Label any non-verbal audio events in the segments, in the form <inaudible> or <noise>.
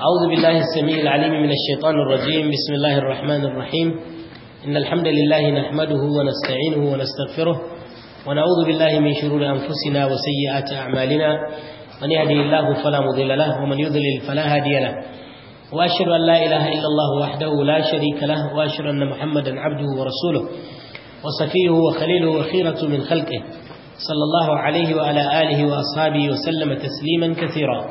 أعوذ بالله السميع العليم من الشيطان الرجيم بسم الله الرحمن الرحيم إن الحمد لله نحمده ونستعينه ونستغفره ونعوذ بالله من شرور أنفسنا وسيئات أعمالنا من يهدي الله فلا مضل له ومن يضلل فلا هادي له وأشهد أن لا إله إلا الله وحده لا شريك له وأشهد أن محمدا عبده ورسوله وصفيه وخليله وخيرة من خلقه صلى الله عليه وعلى آله وأصحابه وسلم تسليما كثيرا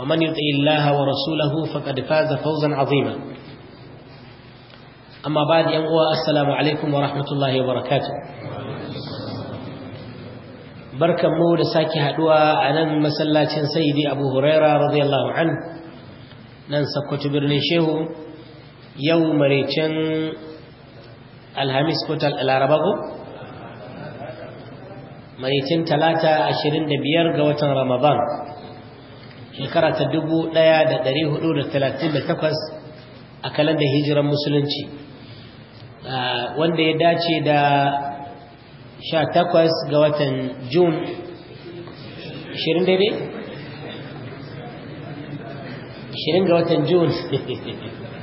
ومن يطع الله ورسوله فقد فاز فوزا عظيما اما بعد يقول السلام عليكم ورحمه الله وبركاته barkan mu da sake haduwa a nan masallacin sayyidi abu huraira radiyallahu an nan sakkwato birnin shehu yau maraicin alhamis kotal alaraba ko maraicin talata 25 ga watan ramadan shekara ta 1438 a kalanda hijiran musulunci wanda ya dace da 18 ga watan jun 20 daidai 20 ga watan jun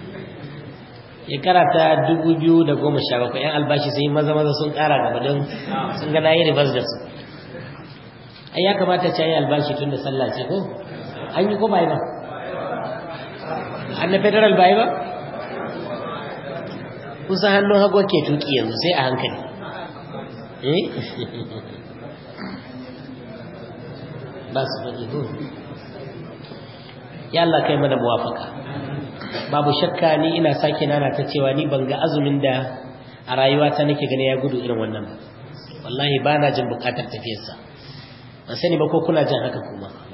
<laughs> shekara ta 2017 'yan albashi sai maza-maza sun kara gaba don sun gana yi ribas da su ai ya kamata ce yi albashi tun da sallah ce ko an yi ko ba yi federal ba yi ba kusan hannun hagu ke tuki yanzu sai a hankali eh? <laughs> ba hmm. ya Allah kai mana muwafaka babu shakka ni ina sake nana ta cewa ni ban ga azumin da a rayuwata nake gani ya gudu irin wannan ba wallahi ba na jin bukatar tafiyarsa ban sani ba ko kuna jin haka kuma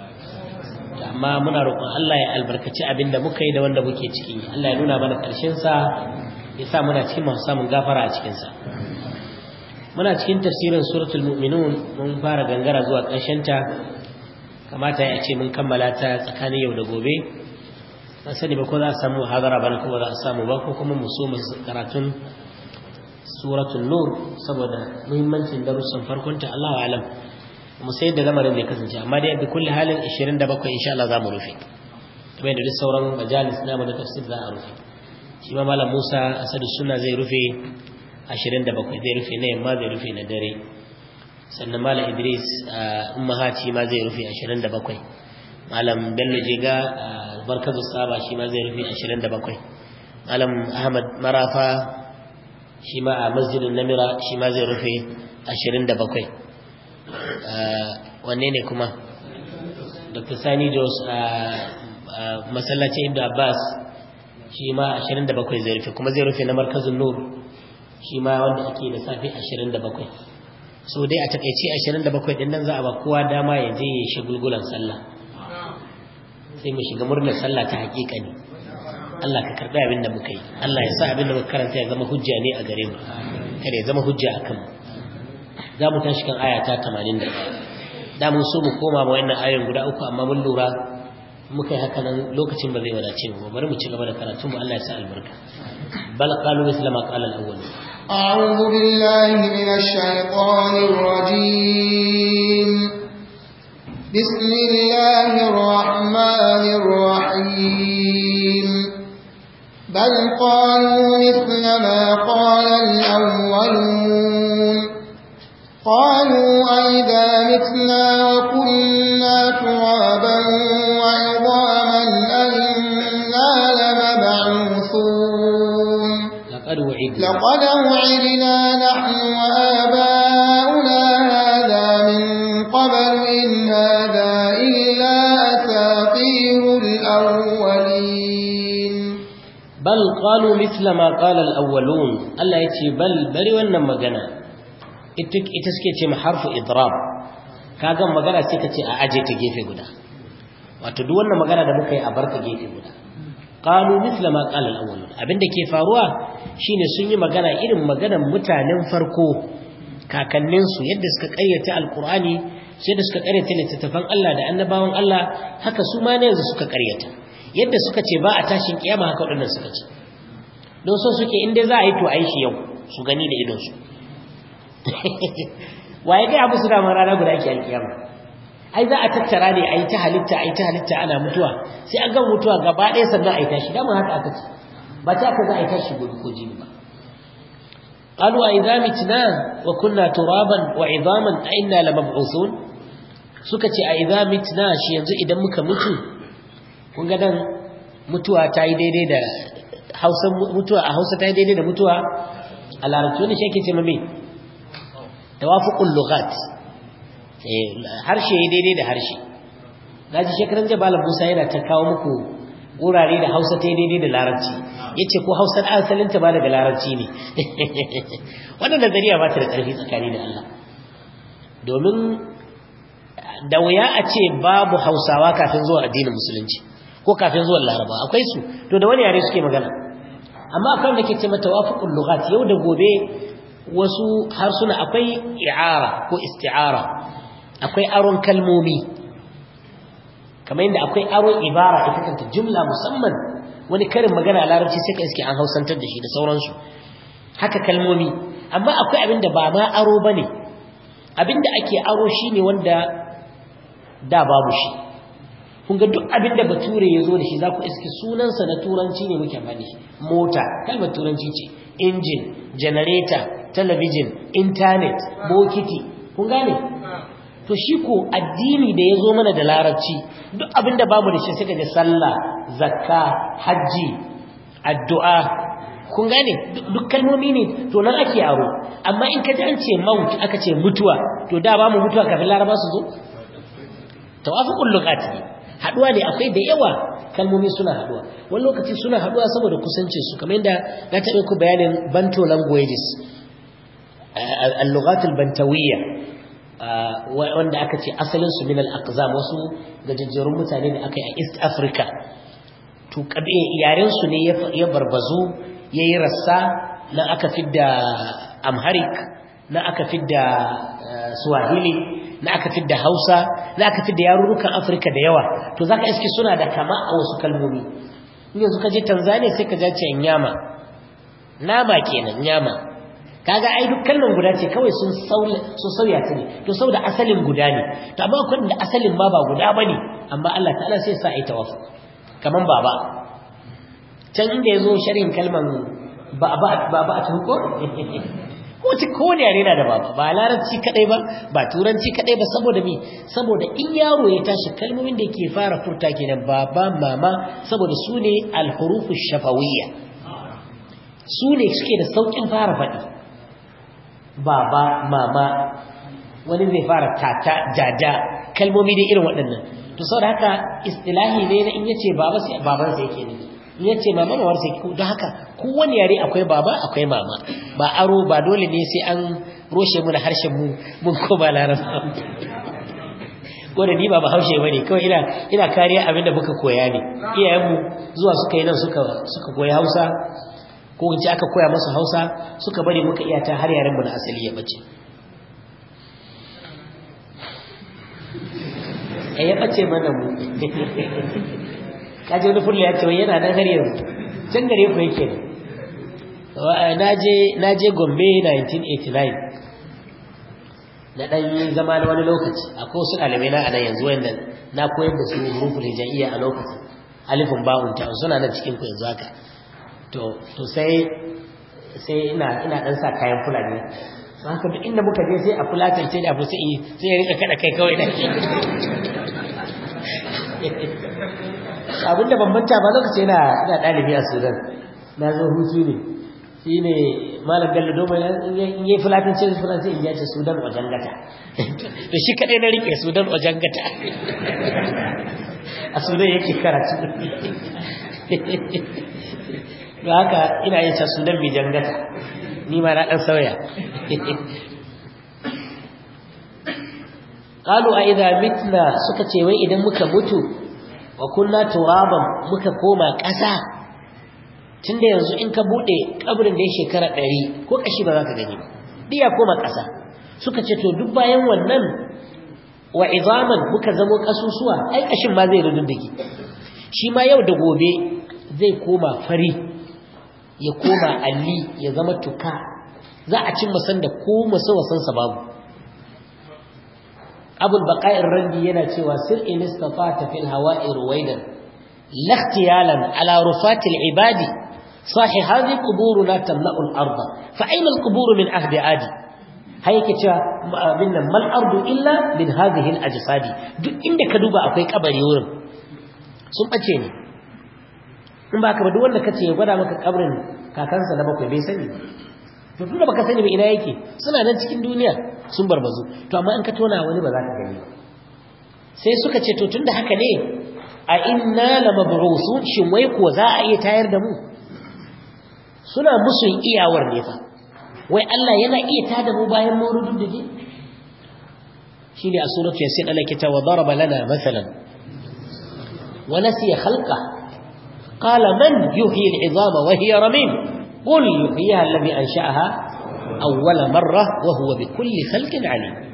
amma muna roƙon Allah ya albarkaci abin da muka yi da wanda muke ciki Allah ya nuna mana ƙarshen sa ya sa muna cikin masu samun gafara a cikin sa muna cikin tafsirin suratul mu'minun mun fara gangara zuwa ƙarshen ta kamata ya ce mun kammala ta tsakanin yau da gobe ban sani ba ko za a samu hadara ba ko za a samu ba ko kuma mu so mu karatun suratul nur saboda muhimmancin darussan farkon ta Allahu a'lam mu sai da lamarin zai kasance amma dai da kulli halin 27 insha Allah za mu rufe kamar da duk sauran majalis na mu da tafsir za a rufe shi ma malam Musa Asadu Sunna zai rufe 27 zai rufe na yamma zai rufe na dare sannan malam Idris Ummahati ma zai rufe 27 malam Bello Jega Barkazu Saba shi ma zai rufe 27 malam Ahmad Marafa shi ma a masjidin Namira shi ma zai rufe 27 Eh, wanne ne kuma dr sani jos a masallacin ibn abbas shi ma 27 zai rufe kuma zai rufe na markazin nur shi ma wanda ake da safi 27 so dai a takaice 27 din nan za a ba kowa dama ya je ya gulgulan sallah sai mu shiga murnar sallah ta hakika ne Allah ka karbi abin da muka yi Allah ya sa abin da muka karanta ya zama hujja ne a gare mu kada ya zama hujja a kanmu. za mu tashi kan aya ta 81 da mun so mu koma ma wannan ayoyin guda uku amma mun lura muka yi haka nan lokacin ba zai wadace mu bari mu ci gaba da karatu mu Allah ya sa albarka bal qalu islam qala al-awwal a'udhu billahi minash shaitanir rajim bismillahir rahmanir rahim بل قالوا مثل ما قال الأولون قالوا أئذا متنا وكنا ترابا وعظاما أئنا لمبعوثون لقد وعدنا, لقد وعدنا نحن وآباؤنا هذا من قبل إن هذا إلا أساطير الأولين بل قالوا مثل ما قال الأولون ألا يتي بل بل ونمجنا ita suke ce harfu ka kaga magana sai ka ce a aje ta gefe guda wato duk wannan magana da muka yi a barka gefe guda qalu mithla ma qala al-awwal abinda ke faruwa shine sun yi magana irin maganar mutanen farko kakannin su yadda suka ƙaryata alqur'ani sai da suka ƙaryata littattafan Allah da annabawan Allah haka su ma ne yanzu suka ƙaryata yadda suka ce ba a tashin kiyama haka wadannan suka ce don so suke in dai za a yi to a yi shi yau su gani da idon su <laughs> waye ga abu suna mara na guda ake alkiyama ai za a tattara ne ai ta halitta ai ta halitta ana mutuwa sai an ga mutuwa gaba ɗaya sannan ai tashi dama haka aka ce ba ta ka za ai tashi gobe ko jibi ba قالوا أئذا متنا وكنا ترابا وعظاما suka ce a أئذا متنا shi yanzu idan muka mutu? kun ga dan mutuwa ta yi daidai da hausa mutuwa a hausa ta yi daidai da mutuwa a larabci wani shi ake ce mame tawafuqul lughat eh harshe daidai da harshe naji shekaran jiya malam Musa yana ta kawo muku gurare da Hausa ta daidai da Larabci yace ko Hausa asalin ta ba daga Larabci ne <laughs> wannan nazariya ba ta da karfi tsakani da Allah domin da wuya a ce babu Hausawa kafin zuwa addinin musulunci ko kafin zuwa Laraba akwai su to da wani yare suke magana amma akwai da ke ce mata wafuqul lughat yau da gobe wasu harsuna akwai i'ara ko isti'ara akwai aron kalmomi kamar yadda akwai aron ibara ita kanta jumla musamman wani karin magana a larabci sai ka iske an hausantar da shi da sauransu haka kalmomi amma akwai abin da ba ma aro ba ne abin da ake aro shi ne wanda da babu shi Kun ga duk abin da bature ya zo da shi za ku iske sunansa na turanci ne muke mani mota kalmar turanci ce injin janareta talabijin intanet bokiti kun gane to shi ko addini da ya zo mana da larabci duk abinda babu da shi suka sallah zakka hajji addu'a kun gane duk kalmomi ne to nan ake aro amma in ka an ce maut aka ce mutuwa to da ba mu mutuwa kafin laraba su zo tawafuqul lughati haduwa ne akwai da yawa kalmomi suna haduwa wani lokaci suna haduwa saboda kusance su kamar yadda na taɓa ku bayanin banto languages اللغات البنتوية wanda aka ce asalinsu min al-aqzam wasu gajejjerun mutane da aka yi a East Africa to kabe yarensu ne ya barbazu, ya yi rassa na aka fidda Amharic na aka fidda Swahili na aka fidda Hausa na aka fidda yarurrukan Africa da yawa to za ka iske suna da kama a wasu kalmomi in yanzu ka je Tanzania sai ka ja ce nyama nama kenan nyama kaga ai duk kallon guda ce kawai sun sauya ta ne to saboda asalin guda ne to amma kun da asalin ma ba guda bane amma Allah ta'ala sai sa ai tawaf kaman baba can inda yazo sharin kalman baba baba a tuko <laughs> ko ci ko ne yare na da baba ba larabci kadai ba ba turanci kadai ba saboda me saboda in yaro ya tashi kalmomin da yake fara furta kenan baba mama saboda su ne al-hurufu shafawiyya su ne suke da saukin fara faɗi baba mama wani zai fara tata jaja kalmomi da irin waɗannan to sau da haka istilahi ne na in yace baba sai baban sai yake nufi in yace mama mawar sai da haka kowane yare akwai baba akwai mama ba aro ba dole ne sai an roshe mu da harshen mu mun koma ba ko da ni ba bahaushe bane kawai ina ina kariya abin da muka koya ne iyayenmu zuwa suka yi nan suka suka koyi Hausa ko in aka koya masu hausa suka bari muka iya ta har yarenmu na asali ya bace eh ya bace mana mu kaje wani fulla ya ce yana nan har yanzu can gare ku yake na je gombe 1989 na ɗan yi zama na wani lokaci akwai wasu ɗalibai na anan yanzu wanda na koyar da su hurufin hijaiya a lokacin alifin ba'un ta suna nan cikin ku yanzu haka to to sai sai ina ina dan sa kayan fulani haka duk inda muka je sai a fulatin sai da sai sai ya rika kada kai kawai dai abinda bambanta ba lokaci ina ina dalibi a Sudan na zo hutu ne shine malam Bello Doma in yi fulatin ce fulatin sai in yace Sudan jangata, to shi kadai na rike Sudan jangata, a Sudan yake karatu ba haka ina yin casu don mijangata, jangata ni ma na ɗan sauya ƙalu a idan mitna suka ce wai idan muka mutu wa kunna turaban muka koma ƙasa tun yanzu in ka buɗe ƙabirin da ya shekara ɗari ko ƙashi ba za ka gani ba ɗiya koma ƙasa suka ce to duk bayan wannan wa izaman muka zamo ƙasusuwa ai ƙashin ma zai rudin da shi ma yau da gobe zai koma fari ya koma alli ya zama tuka za a cin masan da ko masu wasansa babu abul baka'in randi yana cewa sir in istata fil hawa'i ruwaidan lakhtiyalan ala ibadi sahi hadhi quburuna tamla'u al-ardh fa ayna al-qubur min ahdi adi hayake cewa abin mal ardu illa min hadhihi al-ajsadi duk inda ka duba akwai kabari wurin sun bace ne in ba ka ba duk wanda kace ya gwada maka kabrin kakansa na bakwai bai sani to tunda baka sani ba ina yake suna nan cikin duniya sun barbazu to amma in ka tona wani ba za ka gani sai suka ce to tunda haka ne a inna lamabrusun shin wai ko za a iya tayar da mu suna musu iyawar ne fa wai Allah yana iya da mu bayan mu rududdige shine a suratu yasin Allah ke ta wa daraba lana masalan wa nasiya khalqa قال من يحيي العظام وهي رميم قل يحييها الذي أنشأها أول مرة وهو بكل خلق عليم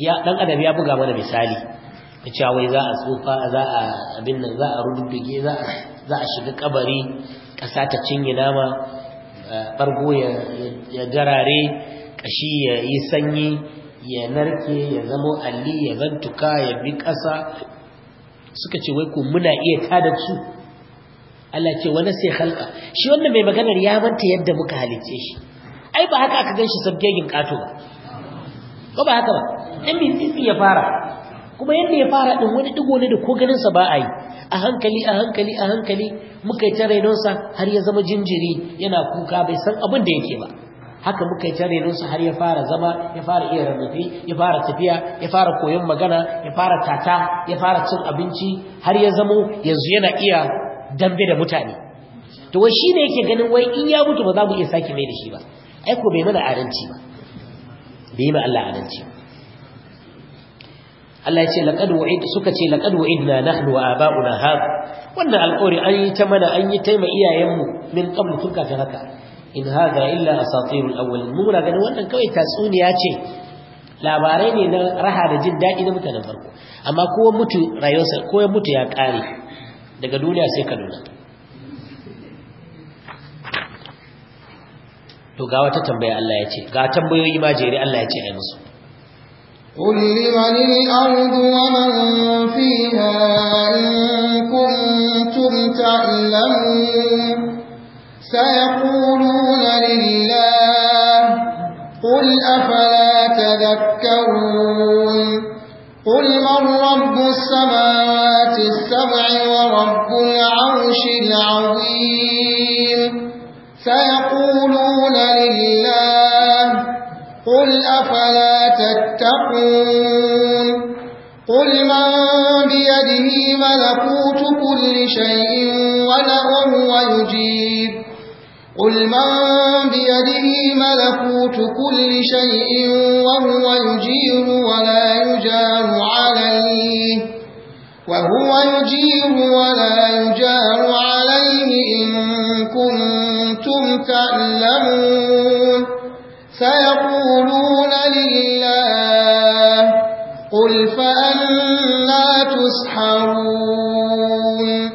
يا دان ادب يا بغا ولا مثالي كچا وي ذا اسوفا ذا ابن ذا ردبجي ذا ذا اشق قبري قسا تا تشيني برغو يا جراري قشي يي سنني يا نركي يا زمو علي يا بنتكا يا بي suka ce wai ko muna iya tada su Allah ce wani sai halka shi wannan mai maganar ya manta yadda muka halice shi ai ba haka aka ganshi sabgegin kato ba ko ba haka ba in bi tsitsi ya fara kuma yadda ya fara din wani digo ne da ko ganin sa ba a yi a hankali a hankali a hankali muka yi ta sa har ya zama jinjiri yana kuka bai san abin da yake ba haka muka yi tare su har ya fara zama ya fara iya rarrafe ya fara tafiya ya fara koyon magana ya fara tata ya fara cin abinci har ya zamo yanzu yana iya dambe da mutane to wai shi ne yake ganin wai in ya mutu ba za mu iya sake mai da shi ba ai ko bai mana adalci ba bai ma Allah adalci Allah ya ce laqad wa'id suka ce laqad wa'idna nahnu wa aba'una hada wannan alƙawari an yi ta mana an yi taima iyayen iyayenmu min qablu tun kafin haka in hadha illa asatirul awwalin mu muna ganin wannan kawai tatsuniya ce labarai ne na raha da jin daɗi na mutanen farko amma kowa mutu rayuwarsa kowa mutu ya ƙare daga duniya sai ka kaduna to ga wata tambaya Allah ya ce ga tambayoyi ma jere Allah ya ce ai musu قل لمن الأرض ومن فيها إن كنتم تعلمون سيقولون قل أفلا تذكرون قل من رب السماوات السبع ورب العرش العظيم سيقولون لله قل أفلا تتقون قل من بيده ملكوت كل شيء ولهم ويجيب قل من بيده ملكوت كل شيء وهو يجير ولا يجار عليه وهو يجير ولا يجار عليه إن كنتم تعلمون سيقولون لله قل فأنا تسحرون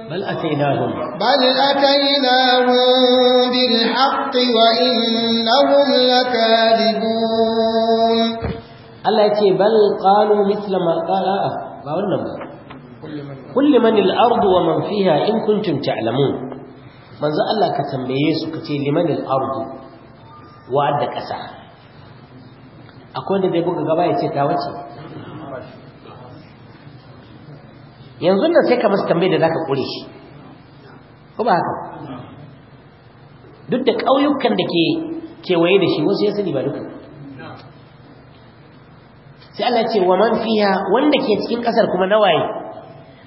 بل أتيناهم بل أتيناهم بالحق وإنهم لكاذبون الله يتي بل قالوا مثل ما قال آه قالنا كل من الأرض ومن فيها إن كنتم تعلمون من ذا الله كتنبيه سكتي لمن الأرض وعد كسا أكون ذي بوك غباية تتاوتي yanzu nan sai ka masu tambaye da zaka kure shi ko ba haka duk da ƙauyukan da ke kewaye da shi wasu ya sani ba duka sai Allah ce wa man fiha wanda ke cikin ƙasar kuma nawaye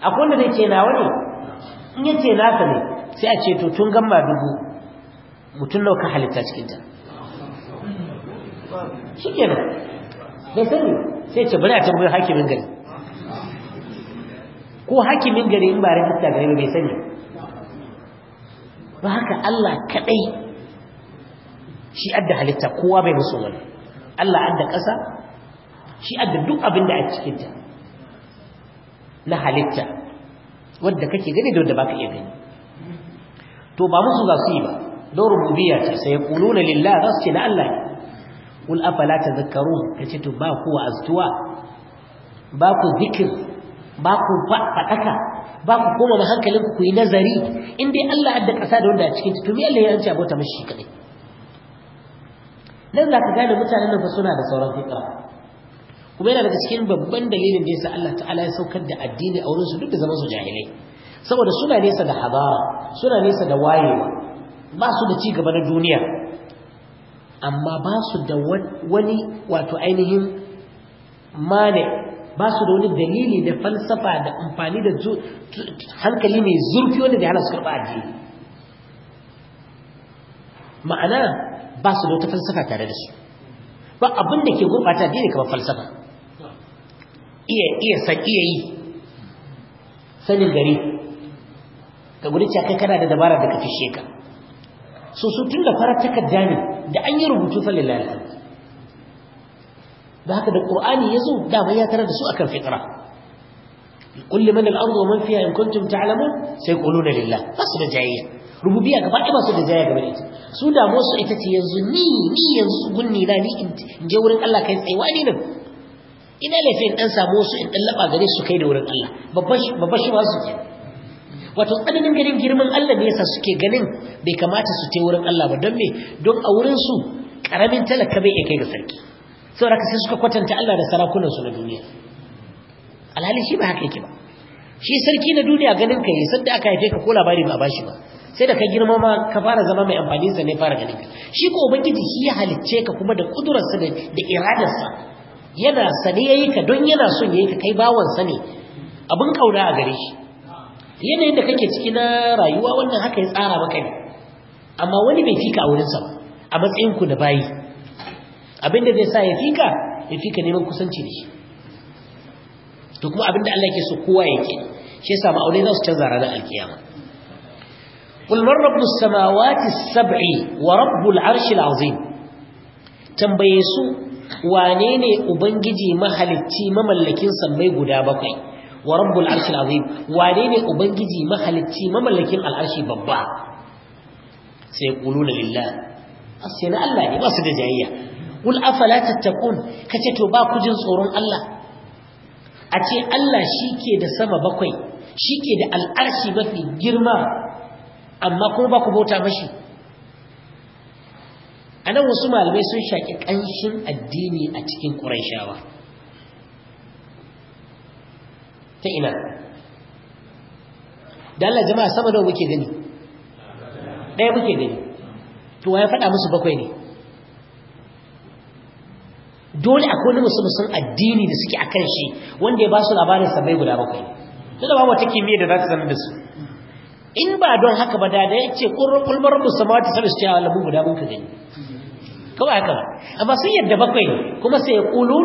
akwai wanda zai ce nawa ne in ya ce naka ne sai a ce to tun gamma dubu mutum nau ka halitta cikin ta shi kenan bai sani sai ce bari a tambayar hakimin gari ko hakimin gari in ba rajista gari bai sani Ba haka Allah kaɗai shi adda halitta kowa bai musu wani Allah adda ƙasa shi adda duk abin da a cikinta na halitta wadda kake gani da wadda baka iya gani to ba musu za su yi ba don rububiyya ce sai kuluna lillah za su ce na Allah kul afala tazakkarun kace to ba kuwa aztuwa ba ku zikir ba ku faɗaka ba ku koma da hankalin ku yi nazari in dai Allah adda kasa da wanda a cikin to me Allah ya anta bauta mashi kadai dan za ka gane mutanen nan fa suna da sauran fikira kuma yana daga cikin babban dalilin da yasa Allah ta'ala ya saukar da addini a wurin su duk da zaman su jahilai saboda suna nesa da hadara suna nesa da wayewa ba su da ci gaba na duniya amma ba su da wani wato ainihin mane ba su da wani dalili da falsafa da amfani da hankali mai zurfi wanda da hana su karɓa addini ma'ana ba su da wata falsafa tare da su ba abin da ke gurɓata addini kamar falsafa iya iya san iya yi sanin gari ka gudu cewa kai kana da dabara da ka fishe ka so su tun da farar takarda ne da an yi rubutu falilai da haka da zo, da dama ya tarar da su akan fitra kulli man al-ardu wa man fiha in kuntum ta'lamun sai quluna lillah basu da jayayya rububiyya gaba ɗaya ba su da jayayya gaba ita su da su ita ce yanzu ni ni yanzu gunni na ni in je wurin Allah kai tsaye wani nan ina laifin dan samu wasu in dan laba gare su kai da wurin Allah babban shi ba su ke wato tsananin ganin girman Allah ne yasa suke ganin bai kamata su ce wurin Allah ba don me don a wurin su karamin talaka bai iya kai ga sarki saboda ka sai suka kwatanta Allah da sarakunansu na duniya alhali shi ba haka yake ba shi sarki na duniya ganin ka yi sanda aka haife ka ko labari ba bashi ba sai da ka girma ma ka fara zama mai amfani sa ne fara ganin ka shi ko ubangiji shi ya halicce ka kuma da kudurarsa da da iradarsa yana sane yayi ka don yana son yayi ka kai bawon sa ne abin kauna a gare shi yanayin da kake ciki na rayuwa wannan haka ya tsara maka ne amma wani bai fika a wurinsa ba a matsayin ku da bayi Abin da zai sa ya fika ya fika neman kusanci da shi to kuma abinda Allah ke so kowa yake shi yasa ma'aure za su canza ranar alkiyama qul man rabbu samawati as-sab'i wa rabbul arshi al-azim tambaye su wane ne ubangiji mahalicci mamallakin sammai guda bakwai wa rabbul arshi al-azim wane ne ubangiji mahalicci mamallakin al'arshi babba sai quluna lillah na Allah ne ba su da jayayya wul afala tattaqun kace to ba ku jin tsoron Allah a ce Allah shi ke da sama bakwai shi ke da al'arshi mafi girma amma kuma ba ku bauta mashi anan wasu malamai sun shaki ƙanshin addini a cikin Qurayshawa ta ina da Allah jama'a sama da muke gani ɗaya muke gani to ya faɗa musu bakwai ne dole akwai wani musun addini da suke akan shi wanda ya ba su labarin sabai guda bakwai dole ba wata kimiyya da za ta sanar da su in ba don haka ba da ya ce kulmar musamman samawati sanar su cewa ah, labu guda mun ka gani kawai haka ba amma sun yadda bakwai kuma sai ya kulu.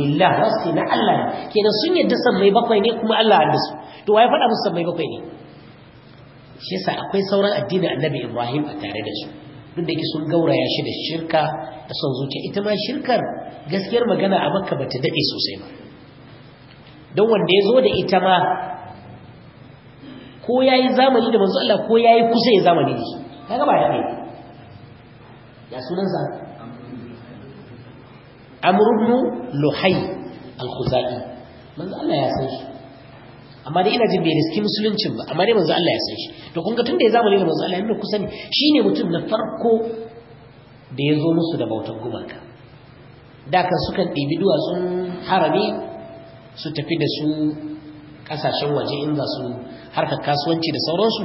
lillah za na Allah ne kenan sun yadda sammai bakwai ne kuma Allah an da su to wai faɗa musu sammai bakwai ne shi yasa akwai sauran addinin annabi Ibrahim a tare da su duk da ke sun gauraya shi da shirka da son zuciya ita ma shirkar gaskiyar magana a makka bata daɗe sosai ba don wanda ya zo da ita ma ko ya yi zamani da manzo Allah ko ya yi kusa ya zamani da shi kaga ba ne. ya sunansa amru ibn luhay al-khuzai manzo Allah ya san shi amma dai ina jin bai riski musuluncin ba amma dai manzo Allah ya san shi to kun ga tun da ya zama da manzo Allah ya nuna kusa shine mutum na farko da ya zo musu da bautar gumaka da kan sukan ɗibi duwatsun harami su tafi da su ƙasashen waje in za su harkar kasuwanci da sauransu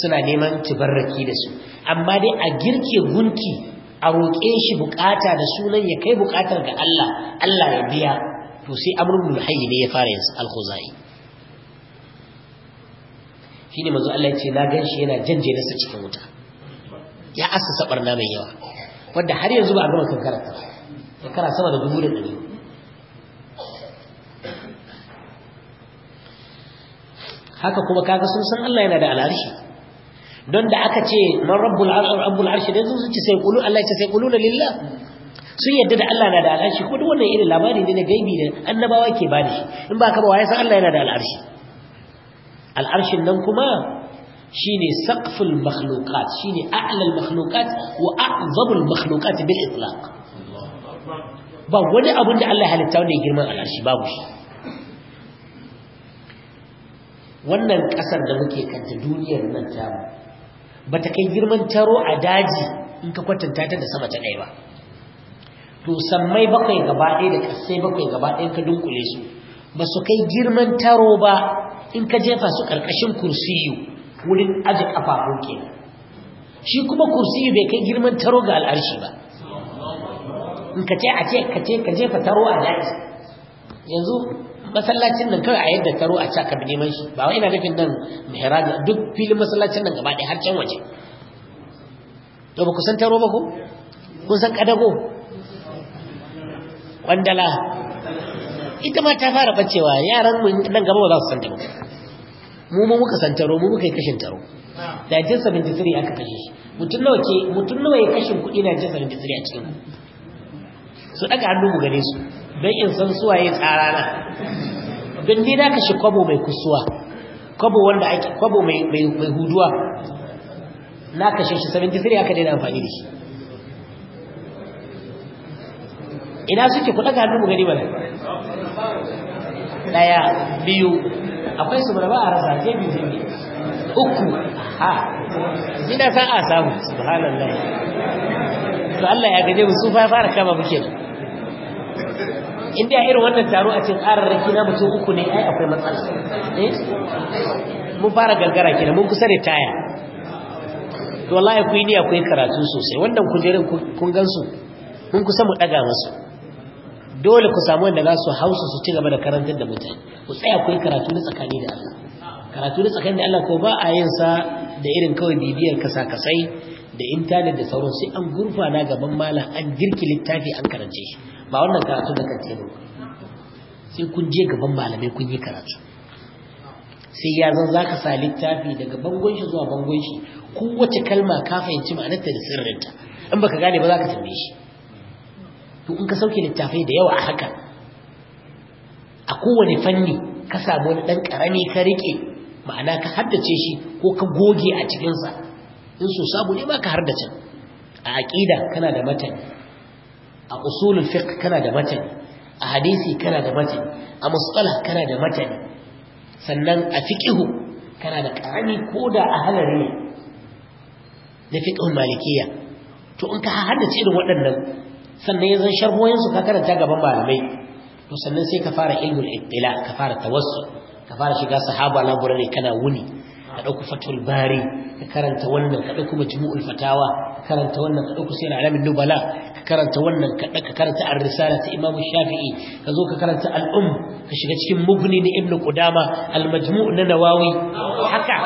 suna neman tibarraki da su amma dai a girke gunki a roƙe shi bukata da sunan ya kai bukatar ga Allah Allah ya biya to sai amrul hayy ne ya fara yin alkhuzai shine manzo Allah ya ce na shi yana janje su cikin wuta ya assasa barna mai yawa wanda har yanzu ba a gama kankara ta kankara sama da dubu da ɗari haka kuma kaga sun san Allah yana da al'arshi don da aka ce man rabbul arshi rabbul arshi da sun ce sai kulu Allah ce sai kulu na lillah sun yadda da Allah na da al'arshi ko duk wannan irin labari ne na gaibi da annabawa ke bada shi in ba ka ba wai san Allah yana da al'arshi al'arshin nan kuma ne sakful makhlukat, shine ne a'alal makhlukat wa a'zamul makhlukat bil itlaq ba wani abin da Allah halitta wani ya girman al'arshi babu shi wannan ƙasar da muke kanta duniyar nan ta ba ta kai girman taro a daji in ka kwatanta ta da sama ta ɗaya ba to sammai bakwai gaba ɗaya da ƙasai bakwai gaba ɗaya ka dunkule su ba su kai girman taro ba in ka jefa su ƙarƙashin kursiyu wurin aji ƙafafun ke shi kuma kursiyu bai kai girman taro ga al'arshi ba in ka ce a ce ka ce ka jefa taro a daji yanzu masallacin nan kawai a yadda taro a caka neman shi ba wa ina nufin nan mihrab duk filin masallacin nan gaba ɗaya har can waje to ba ku san taro ba ko kun san kadago kwandala ita ma ta fara bacewa yaran mu nan gaba ba za su san ba mu mu muka san taro mu muka yi kashin taro da jin 73 aka kashe shi mutum nawa ke mutum nawa ya kashin kuɗi na jin 73 a cikin su daga hannu mu gare su don in san suwaye tsara na don dai na kashe kwabo mai kusuwa kwabo wanda ake kwabo mai mai huduwa na kashe shi 73 aka daina amfani da shi ina suke ku ga hannu mu gani bane daya biyu akwai su ba a rasa sai biyu ne uku ha ina san a samu subhanallah to Allah ya gaje mu su fa fara kama muke in dai irin wannan taro a cikin ƙararraki na mutum uku ne ai akwai matsala eh mun fara gargara kenan mun kusa da taya to wallahi ku yi niyya akwai karatu sosai wannan kujerin kun mun kusa mu daga musu dole ku samu wanda za su hausa su ci gaba da karantar da mutane ku tsaya ku yi karatu na tsakani da Allah karatu na tsakani da Allah ko ba a yin sa da irin kawai bibiyar kasa-kasai da intanet da sauran sai an gurfana gaban malam an girki littafi an karance shi ba wannan karatu da kanta ba sai kun je gaban malamai kun yi karatu sai ya zan zaka sa littafi daga bangon shi zuwa bangon shi kowace kalma ka fahimci ma'anarta da sirrinta in baka gane ba za ka tambaye shi in ka sauke littafai da yawa a haka a kowane fanni ka samu wani ɗan ƙarami ka riƙe ma'ana ka haddace shi ko ka goge a cikinsa in so sabu ne ma ka haddace a aƙida kana da matani a usulul fiqh kana da matani a hadisi kana da matani a musqalah kana da matani sannan a fiqihu kana da ƙarami ko da a halari ne na fiqhul malikiyya to in ka haddace irin waɗannan sannan ya zan sharhoyin su ka karanta gaban malamai to sannan sai ka fara ilmul ittila ka fara tawassu ka fara shiga sahaba na ne kana wuni ka dauko fatul bari ka karanta wannan ka dauko majmu'ul fatawa ka karanta wannan ka dauko Sayyid alamin nubala ka karanta wannan ka dauka karanta ar-risala ta imamu shafi'i ka zo ka karanta al-um ka shiga cikin mughni na ibnu qudama al-majmu' na nawawi haka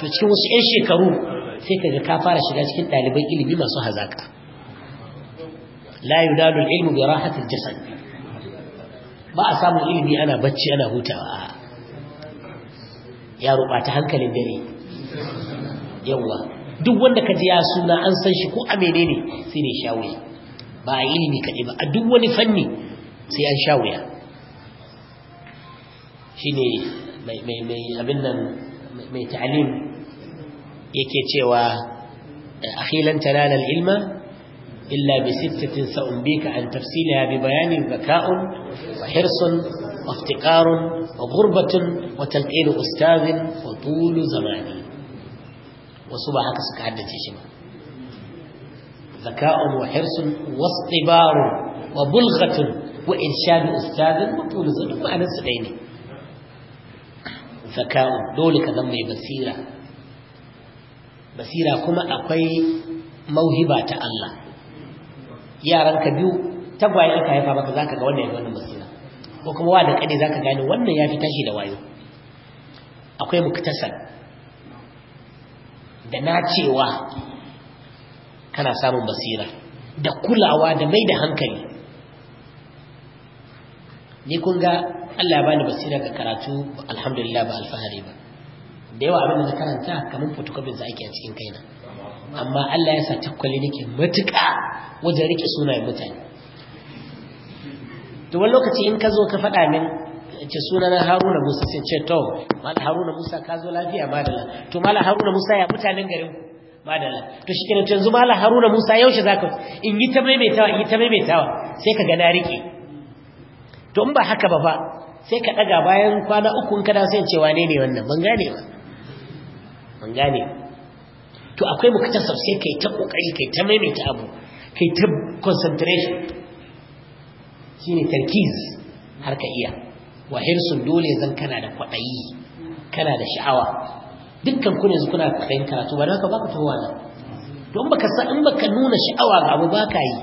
to cikin wasu 'yan shekaru sai kaga ka fara shiga cikin ɗaliban ilimi masu hazaka la yunalu ilmu bi rahatil jasad ba a samun ilimi ana bacci ana hutawa ya rubata hankalin dare yawa duk wanda kaji ya suna an san shi ko a menene sai ne shawuya ba a ilimi kaɗai ba a duk wani fanni sai an shawuya shine mai mai mai abin nan mai ta'alim yake cewa a tanala al ilima? إلا بستة سأنبيك عن تفصيلها ببيان ذكاء وحرص وافتقار وغربة وتنقيل أستاذ وطول زمان وصبحك سكعدة شمال ذكاء وحرص واصطبار وبلغة وإنشاد أستاذ وطول زمان معنى سديني ذكاء دولك ذنبي بصيرة basira kuma akwai mauhiba ta Allah yaran ka biyu tagwaye aka haifa za zaka ga wannan ya wannan basira ko kuma wa da kade zaka gani wannan ya fi tashi da wayo akwai muktasar da na cewa kana samun basira da kulawa da mai da hankali ni kun ga Allah ya bani basira ga karatu alhamdulillah ba alfahari ba da yawa abin da karanta kamar photocopy za ake a cikin kaina amma Allah ya sa takwali nake matuƙa wajen rike sunayen mutane to wani lokaci in ka zo ka faɗa min ce sunana Haruna Musa sai ce to mala Haruna Musa ka zo lafiya madalla to mala Haruna Musa ya mutanen garin ku madalla to shi kenan yanzu mala Haruna Musa yaushe zaka in yi ta maimaitawa in yi ta maimaitawa sai ka ga na rike to in ba haka ba fa sai ka daga bayan kwana uku in kada sai ce wane ne wannan ban gane ba ban gane ba to akwai bukatar sai kai ta kokari kai ta maimaita abu kai ta concentration shine tarkiz har ka iya wa hirsun dole zan kana da kwaɗayi kana da sha'awa dukkan ku yanzu kuna kwaɗayin karatu ba da ka baka tawa nan don baka san in baka nuna sha'awa ga abu baka yi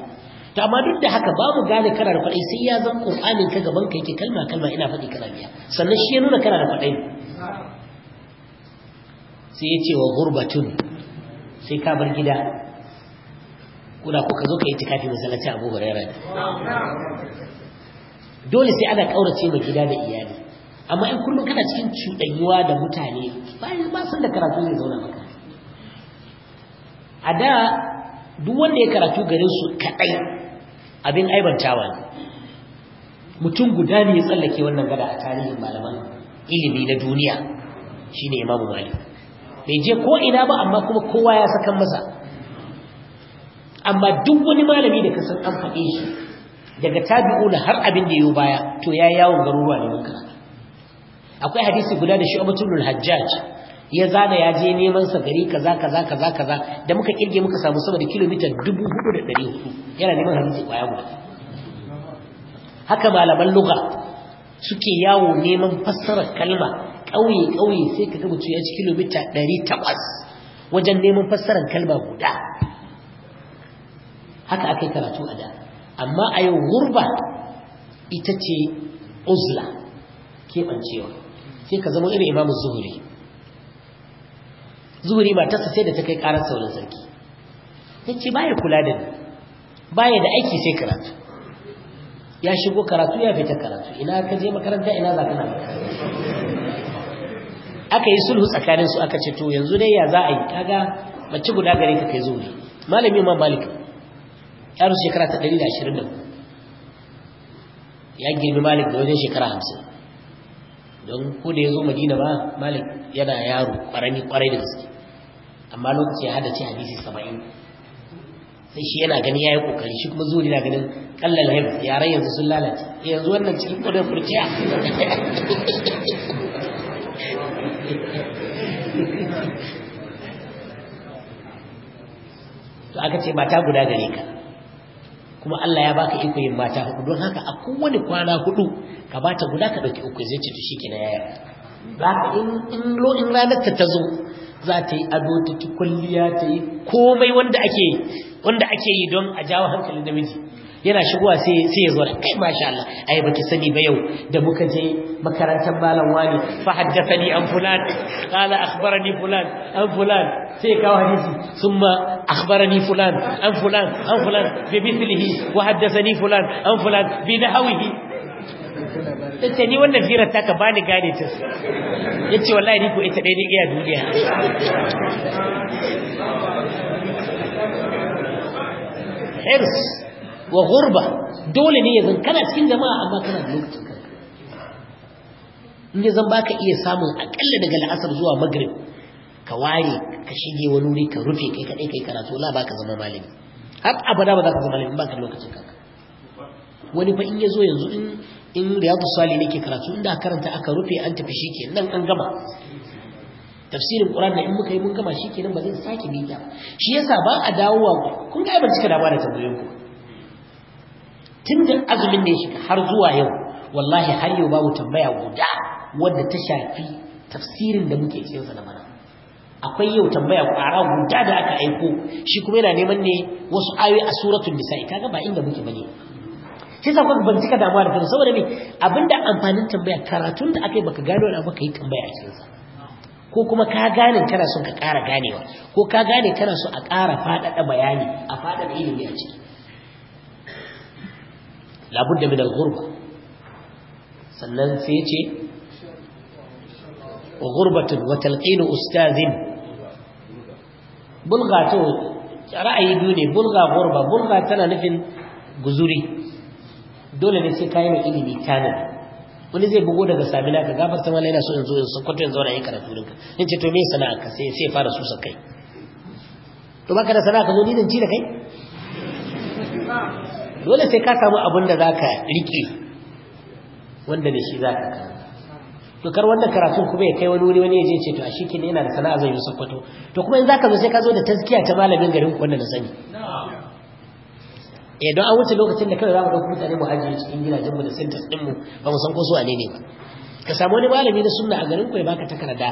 to amma duk da haka babu gane kana da kwaɗayi sai ya zan ƙur'anin ka gaban ka yake kalma kalma ina faɗi kana biya sannan shi ya nuna kana da kwaɗayi sai ya ce wa gurbatun sai ka bar gida kuna ko ka zo ka yi tikafi masallacin abu huraira dole sai ana kaurace ma gida da iyali amma in kullum kana cikin cuɗanyuwa da mutane bayan ba san da karatu zai zauna maka a da duk wanda ya karatu garin su kaɗai abin aibantawa ne mutum guda ne ya tsallake wannan gada a tarihin malaman ilimi na duniya shine imamu malik bai je ko ina ba amma kuma kowa ya sakan masa amma duk wani malami da kasan an faɗe shi daga tabi'una har abin da yau baya to ya yawo garuruwa ne muka akwai hadisi guda da shi shu'abatul hajjaj ya zana ya je neman sa gari kaza kaza kaza kaza da muka kirge muka samu sama da kilomita 4400 yana neman hadisi kwaya guda haka malaman lugha suke yawo neman fassarar kalma ƙauye ƙauye sai ka ga ya ci kilomita 800 wajen neman fassarar kalma guda haka aka yi karatu a da amma a yau gurba ita ce uzla keɓancewa sai ka zama irin imamu zuhuri zuhuri matarsa sai da ta kai ƙarar saurin sarki ya ce baya kula da ni baya da aiki sai karatu ya shigo karatu ya fita karatu ina ka je makaranta ina za ka na makaranta aka yi sulhu tsakanin su aka ce to yanzu dai ya za a yi kaga mace guda gare ka kai zuri malami imam malik yaro shekara ta 120 ya girbi malik da wajen shekara 50 don ko da ya zo madina ba malik yana yaro ƙarami ƙwarai da gaske amma lokaci ya hada ce hadisi saba'in sai shi yana gani ya yi ƙoƙari shi kuma zuri yana ganin ƙallal haif yaran yanzu sun lalace eh, yanzu wannan cikin ƙudin furciya <laughs> to aka ce mata guda gare ka kuma Allah ya baka iko yin mata hudu don haka a kowane kwana hudu ka bata guda ka dauki uku zai ce to shikenan yaya za ka in in lo in ranar ta zo za ta yi ado ta ki kulliya ta yi komai wanda ake wanda ake yi don a jawo hankalin namiji yana shigowa sai sai ya zo kai masha Allah ai baki sani ba yau da muka je makarantar malam wani fa haddathani an fulan qala akhbarani fulan an fulan sai kawo hadisi summa akhbarani fulan an fulan an fulan bi mithlihi wa haddathani fulan an fulan bi nahwihi yace ni wannan firar ka bani gane ta yace wallahi ni ko ita dai ne iya duniya hirs wa gurba dole ne yanzu kana cikin jama'a amma kana da lokacin kanka in ya zan baka iya samun akalla daga la'asar zuwa magrib ka ware ka shige wani wuri ka rufe kai kadai kai karatu la baka zama malami har abada ba za ka zama malami ba baka lokacin kanka wani fa in ya zo yanzu in in riyadu sali nake karatu inda karanta aka rufe an tafi shike nan an gama tafsirin Qur'an da in muka yi mun gama shikenan ba zai sake biya shi yasa ba a dawowa kun ga ai ban da ba da tambayoyin ku tun da azumin ne shiga har zuwa yau wallahi har yau babu tambaya guda wadda ta shafi tafsirin da muke cikin sa na mana akwai yau tambaya kwara guda da aka aiko shi kuma yana neman ne wasu ayoyi a suratul nisa'i kaga ba inda muke bane shi sa kuma ban cika damuwa da kansa saboda me abinda amfanin tambaya karatun da akai baka gano da baka yi tambaya a cikin ko kuma ka gane kana son ka ƙara ganewa ko ka gane kana son a ƙara faɗaɗa bayani a faɗaɗa ilimi a ciki labudda min al-ghurba sannan sai ce ghurbatun wa talqin ustazin bulga to ra'ayi biyu ne bulga ghurba bulga tana nufin guzuri dole ne sai kayan ilimi tanadi wani zai bugo daga samina ka gafar sama yana so yanzu, zo in yanzu in zauna yin karatu ɗinka in ce to me sana'a ka sai sai fara susa kai to baka da sana'a ka zo ni dan ci da kai dole sai ka samu abin da za ka riƙe wanda da shi za ka kama to kar karatun kuma ya kai wani wuri wani ya je ce to a shi ke yana da sana'a zai yi sokoto to kuma in za ka zo sai ka zo da taskiya ta malamin garin ku wanda na sani ya eh, don an wuce lokacin da kawai za mu ɗauki mutane mu hajji cikin gidajenmu da sentas ɗinmu ba mu san ko su a ne ba ka samu wani malami na sunna a garin ku ya baka takarda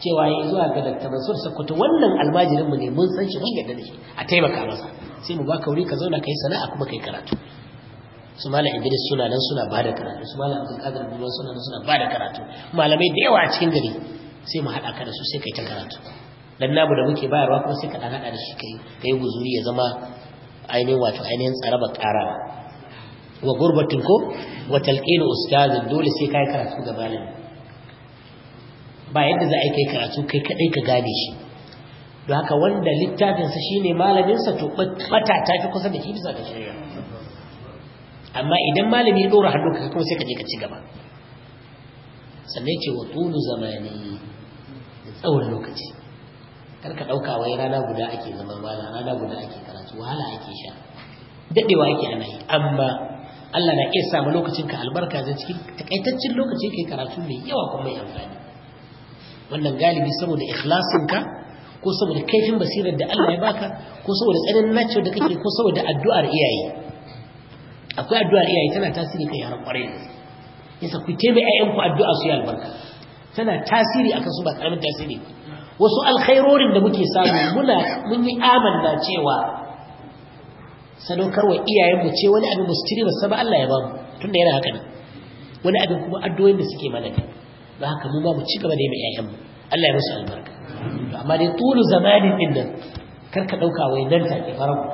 cewa ya zuwa ga Dr. Mansur Sokoto wannan almajirinmu ne mun san shi mun yarda da shi a taimaka masa sai mu baka wuri ka zauna kai sana'a kuma kai karatu su malam Idris suna nan suna ba da karatu su malam Abdul Qadir Bilal suna nan suna ba da karatu malamai da yawa a cikin gari sai mu haɗa ka da su sai kai ta karatu dan namu da muke bayarwa kuma sai ka dan haɗa da shi kai kai guzuri ya zama ainihin wato ainihin tsaraba karawa wa gurbatin ko wa talqinu ustazin dole sai kai karatu ga malami ba yadda za a yi kai karatu kai kadai ka gane shi don haka wanda littafinsa shine malaminsa to bata ta fi kusa da shi bisa ga shari'a amma idan malami ya dora hannu kuma sai ka je ka ci gaba sannan ce wa tulu zamani da tsawon lokaci kar ka dauka wai rana guda ake zama mala rana guda ake karatu wahala ake sha dadewa ake ana yi amma Allah na iya samu lokacin ka albarka zai cikin takaitaccen lokaci kai karatu mai yawa kuma mai amfani wannan galibi saboda ikhlasinka ko saboda kaifin basirar da Allah ya baka ko saboda tsananin nacewa da kake ko saboda addu'ar iyaye akwai addu'ar iyaye tana tasiri kai har kwarai da yasa ku tebe ayyan ku addu'a su yi albarka tana tasiri akan su ba karamin tasiri wasu alkhairorin da muke samu muna mun yi amanna cewa sadaukarwa iyayenmu ce wani abin mu ba Allah ya bamu, tun tunda yana haka ne wani abin kuma addu'o'in da suke mana ne Ba haka mu ba mu ci gaba da yi ma'ayyan mu Allah ya musu albarka to amma dai tulu zamanin din nan kar ka ɗauka wai nan take farko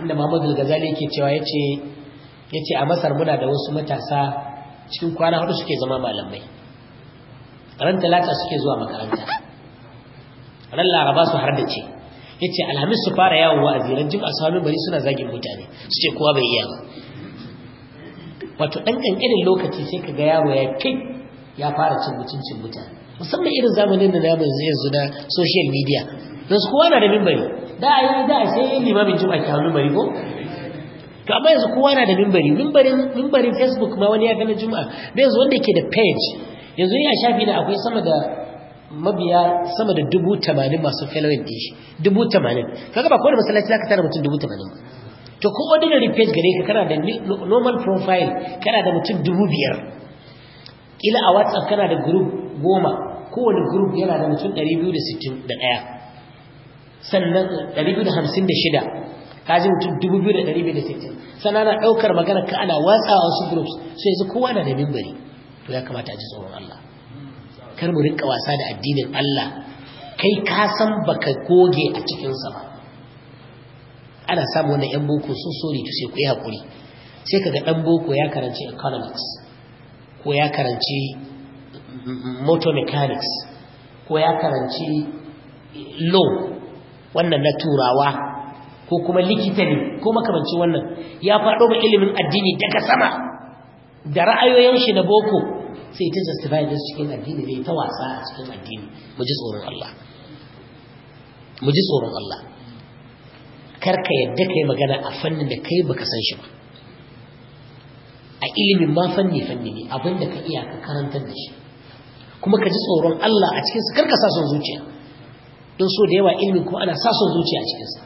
inda Muhammadu Al-Ghazali yake cewa yace yace a Masar muna da wasu matasa cikin kwana hudu suke zama malamai ran talata suke zuwa makaranta ran laraba su har da ce yace alhamis su fara yawo wa'azi ran jin su bari suna zagin mutane su ce kowa bai iya ba wato dan kankanin lokaci sai ka ga yaro ya kai ya fara cin cin mutum musamman irin zamanin da na yanzu na social media da su kowa na da mimbari da a yi da a sai yin limamin juma'a ke hannu bari ko to amma yanzu kowa na da mimbari mimbarin facebook ma wani ya gani juma'a da yanzu wanda ke da page yanzu ya shafi na akwai sama da mabiya sama da dubu tamanin masu following ɗin shi dubu tamanin kaga ba kowane masallaci za ka tara mutum dubu tamanin to ko ordinary page gare ka kana da normal profile kana da mutum dubu biyar kila a whatsapp kana da group goma kowane group yana da mutum 261 sannan 256 kaji mutum 2260 sannan ana ɗaukar magana ka ana watsa wasu groups sai yanzu kowa na da mimbari to ya kamata a ji tsoron Allah kar mu rinka wasa da addinin Allah kai ka san baka goge a cikinsa ba ana samu wannan yan boko sun sori to sai ku yi hakuri sai kaga dan boko ya karanci economics ko ya karanci motor mechanics ko ya karanci law wannan na turawa ko kuma likita ne ko makamanci wannan ya faɗo ba ilimin addini daga sama da ra'ayoyin shi na boko sai ta justify da cikin addini zai ta wasa a cikin addini mu ji tsoron Allah mu ji tsoron Allah karka yadda kai magana a fannin da kai baka san shi ba a ilimin ma fanni fanni ne abinda ka iya ka karantar da shi kuma ka ji tsoron Allah a cikinsa karka sa zuciya don so da yawa ilimin kuma ana sa son zuciya a cikinsa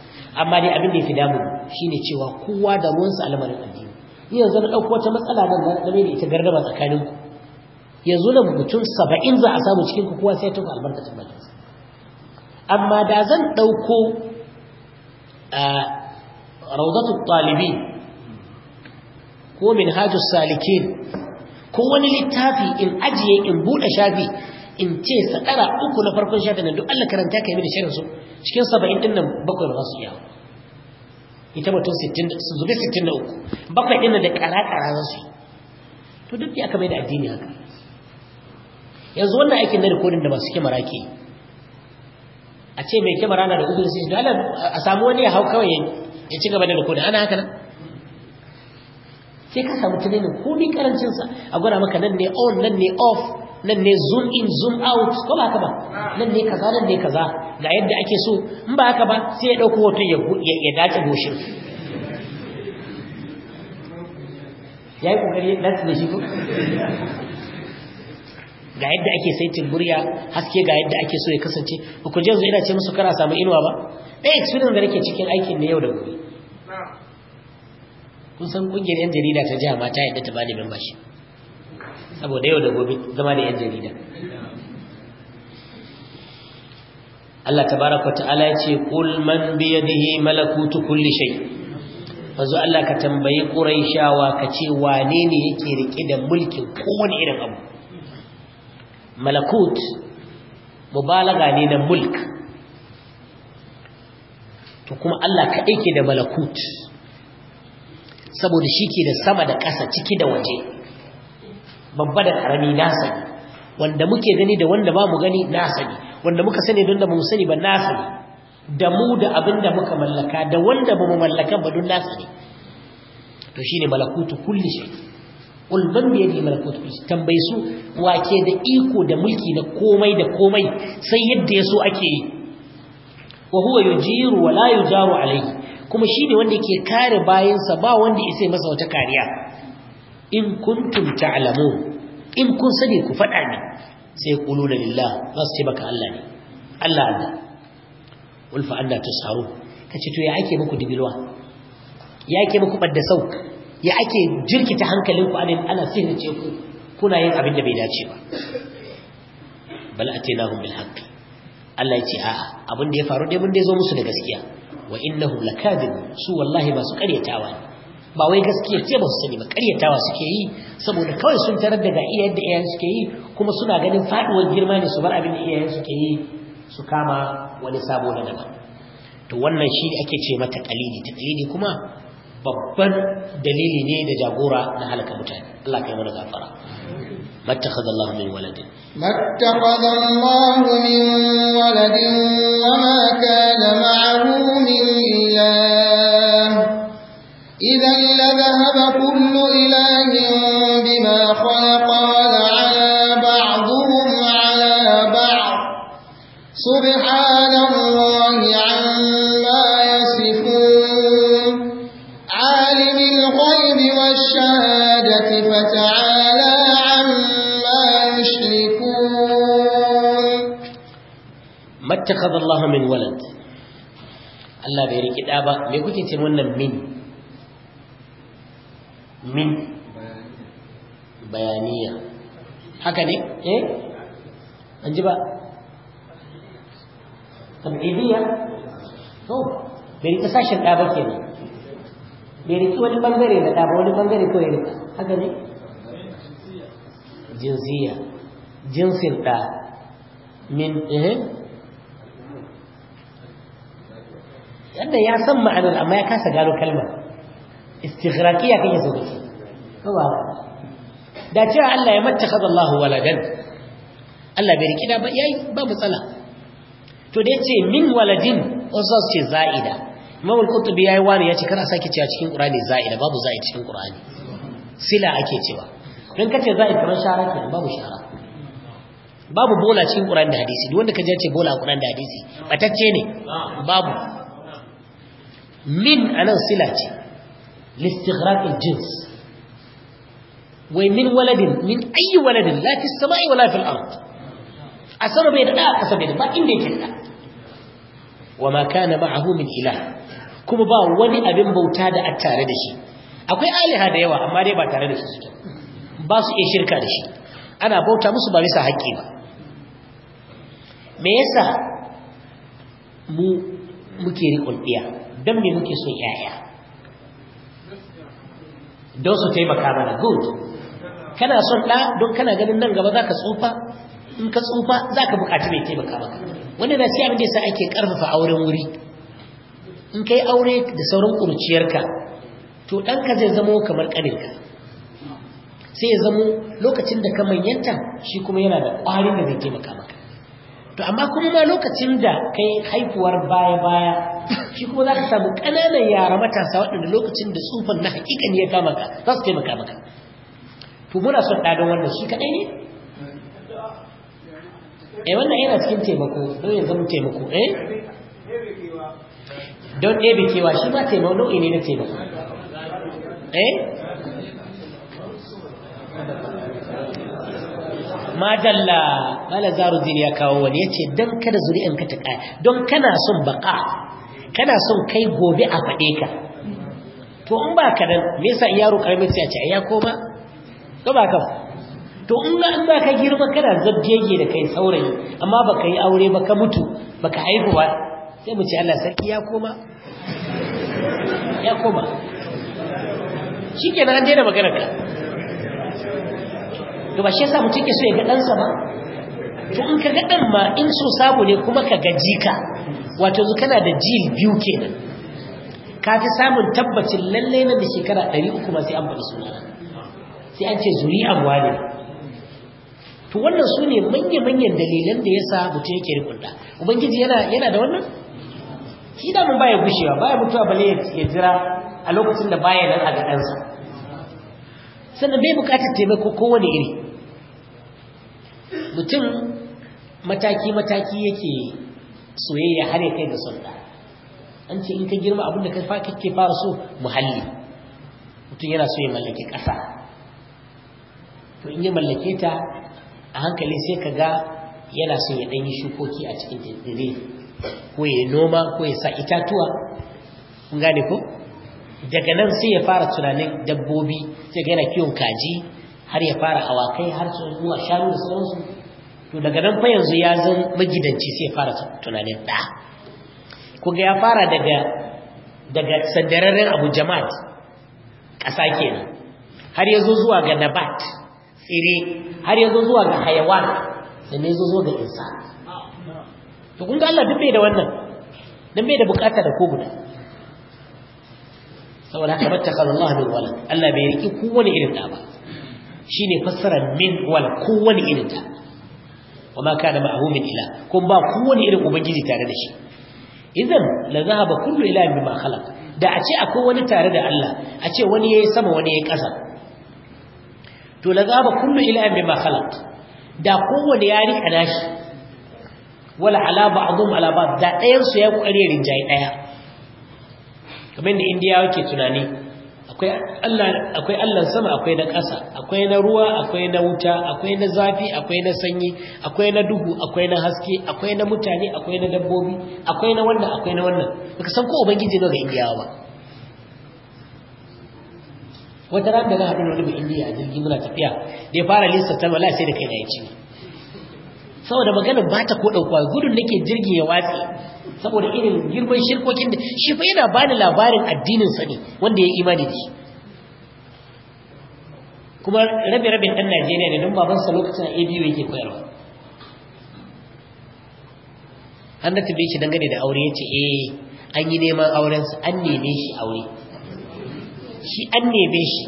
amma dai abin da ya fi damu shine cewa kowa da ruwansa al'amarin addini yanzu na ɗauko wata matsala nan da ɗame da ita gardama ku yanzu da mutum saba'in za a samu ku kowa sai ta albarkacin bakinsa amma da zan ɗauko a eh, rawdatu ɗalibi ko hajjus salikin ko wani littafi in ajiye in bude shafi in ce sadara uku na farkon shafi nan duk Allah karanta kai da shirin su cikin 70 din nan bakwai ba su iya ita mutum 60 su zube 63 bakwai din nan da ƙara za su to duk ya aka mai da addini haka yanzu wannan aikin na rikodin da masu kyamara ke a ce mai kyamara na da uku da sai a samu wani ya hau kawai ya ci gaba da rikodin ana haka nan sai ka samu tunanin ko ni karancin sa a gwada maka nan ne on nan ne off nan ne zoom in zoom out ko ba haka ba nan ne kaza nan ne kaza ga yadda ake so in ba haka ba sai ya dauko hoto ya ya dace goshin yayi kokari ya dace da shi ko ga yadda ake saitin murya haske ga yadda ake so ya kasance ba ku je yanzu ina ce musu kana samu inuwa ba eh experience da nake cikin aikin ne yau da gobe kun san kungiyar yan jarida ta jiha ma ta yadda ta bada membashi saboda yau da gobe zama da yan jarida Allah tabaraka ta'ala ya ce kul man bi yadihi malakutu kulli shay fazo Allah ka tambayi quraishawa ka ce wane ne yake rike da mulkin kowane irin abu malakut mubalaga ne na mulk to kuma Allah ka aike da malakut saboda shi ke da sama da ƙasa ciki da waje babba da ƙarami na sani wanda muke gani da wanda ba mu gani na sani wanda muka sani don da mu sani ba na sani da mu da abin da muka mallaka da wanda ba mu mallaka ba don na sani to shi ne malakutu kulli shi ulban ya ne malakutu kulli tambayi su wake da iko da mulki da komai da komai sai yadda ya so ake yi wa huwa yujiru wa la yujaru alayhi kuma shi ne wanda ke kare bayansa ba wanda isa masa wata kariya in kuntum ta'lamu in kun sani ku faɗa ne sai qulu lillah za su ce baka Allah ne Allah Allah wal fa anna tusaru kace to ya ake muku dibilwa ya ake muku badda sau ya ake jirkita ku anan ana ce ku kuna yin abin da bai dace ba bal atinahum bil haqq Allah ya ce a'a abin da ya faru dai mun dai zo musu da gaskiya wa innahum lakadib su wallahi masu karyatawa ba wai gaskiya ce ba su sani ba karyatawa suke yi saboda kawai sun tarar daga iyayen da iyayen suke yi kuma suna ganin faduwar girma ne su bar abin da iyayen suke yi su kama wani sabo na daban to wannan shi ake ce mata kalidi ta kalidi kuma babban dalili ne da jagora na halaka mutane Allah kai mana gafara mattakhadha Allah min waladin mattakhadha Allah min waladin wa ma kana ma'ahu min ilah idan la dhahaba kullu ilahin bima khalaqa اتخذ الله من ولد الله بيري كتابا مي كنتي من من بيانية هكا ني ايه انجبا تمهيدية تو بيري تساشا كتابا كده بيري تو ولي بانجري كتابا ولي بانجري كوي هكا ني جنسية جنس الكتاب من ايه yadda ya san ma'anar amma ya kasa gano kalmar istighraqiya kake so kace ko ba da cewa Allah ya mattakhadha Allah waladan Allah bai rikida ba yayi ba matsala to da yace min waladin usas ce za'ida mawul kutubi yayi wani yace kana sake cewa cikin Qur'ani za'ida babu za'ida cikin Qur'ani sila ake cewa dan kace za'ida kamar shara kenan babu shara babu bola cikin Qur'ani da hadisi duk wanda kaje ce bola Qur'ani da hadisi batacce ne babu min anan sila ce listighraqil jins wai min waladin min ayi waladin la sama samai wala fil ard asar bai da kasa bai da ba inda yake da wa ma kana ma'ahu min ilah kuma ba wani abin bauta da a tare da shi akwai aliha da yawa amma dai ba tare da su suke ba su iya shirka da shi ana bauta musu ba bisa haƙƙi ba me yasa mu muke riƙon ɗiya don me muke so yaya don su taimaka mana good kana son ɗa don kana ganin nan gaba za ka tsufa in ka tsufa za ka buƙaci mai taimaka maka wanda na siya abin da yasa ake ƙarfafa auren wuri in ka yi aure da sauran ƙurciyarka to ɗan ka zai zamo kamar ƙaninka sai ya zamo lokacin da ka manyanta shi kuma yana da ƙwarin da zai taimaka maka to amma kuma ma lokacin da kai haifuwar baya-baya shi kuma za ka samu ƙananan yara matasa waɗanda lokacin da tsufan na hakikan ya kama ka za su taimaka maka to muna son ɗadon wannan shi kaɗai ne eh wannan yana cikin taimako don ya zama taimako eh don ɗebe kewa shi ma taimako nau'i ne na taimako eh dalla mala zaruddin ya kawo wani yace dan kada zuri'an ka ta kai don kana son baka kana son kai gobe a fade ka to in ba ka dan me yasa yaro karmi sai ya ce ya koma to ba ka to in ga in ba ka girma kana zabgege da kai saurayi amma baka yi aure ba ka mutu baka haihu ba sai mu ce Allah sarki ya koma ya koma shikenan an daina magana ka to ba shi yasa mutum ke so ya ga ɗansa ba to in ka ga ɗan ma in so sabu ne kuma ka gaji ka, wato zu kana da jil biyu kenan ka fi samun tabbacin lallai na da shekara ɗari uku ma sai an faɗi suna sai an ce zuri'an wane to wannan su ne manya-manyan dalilan da ya sa mutum yake rikun ubangiji yana da wannan shi da mun baya gushewa baya mutuwa bale ya jira a lokacin da baya nan a ɗansa? sannan bai bukatar taimako kowane iri mutum mataki-mataki yake soyayya har ya kai ga sunna an ce in ka girma abin da kake fara so muhalli mutum yana so ya mallake ƙasa to in ya mallake ta a hankali sai ka ga yana so ya yi shukoki a cikin tattare ko ya noma ko ya sa itatuwa kun gane ko daga nan sai ya fara tunanin dabbobi sai ga yana kiwon kaji har ya fara awakai har su zuwa shanu da sauransu to daga nan fa yanzu ya zan magidanci sai fara tunanin da? kuga ya fara daga daga sandararren abu jama'at ƙasa kenan har ya zo zuwa ga nabat tsire har ya zo zuwa ga hayawan sannan ya zo zuwa ga insa to kun ga Allah duk bai da wannan dan bai da bukata da ko guda saboda haka battaka Allah min wala Allah bai riki kowane irin da ba shine fassara min wala kowane irin ta wa ma kana ma'ahu min ilah kun ba kowane irin ubangiji tare da shi idan la zahaba kullu ilahin bima khalaq da a ce akwai wani tare da Allah a ce wani yayi sama wani ya yayi ƙasa to la zahaba kullu ilahin bima khalaq da kowane ya rika nashi wala ala ba'dhum ala ba'd da ɗayan su ya ƙware rinjayi ɗaya kamar da indiya yake tunani akwai allah sama akwai na ƙasa akwai na ruwa akwai na wuta akwai na zafi akwai na sanyi akwai na duhu akwai na haske akwai na mutane akwai na dabbobi akwai na wannan akwai na wannan baka san ko ubangiji ne ga indiya ba wata ran da na haɗu da indiya a jirgin muna tafiya da ya fara lissa ta wala sai da kai na ya ci saboda magana ba ta ko dauka gudun nake jirgi ya watsi saboda irin girman shirkokin da shi fa yana bani labarin addinin sa ne wanda ya imani da shi kuma rabe rabin ɗan Najeriya ne don babansa lokacin ABU yake koyarwa an da bai shi dangane da aure yace eh an yi neman auren sa an neme shi aure shi an neme shi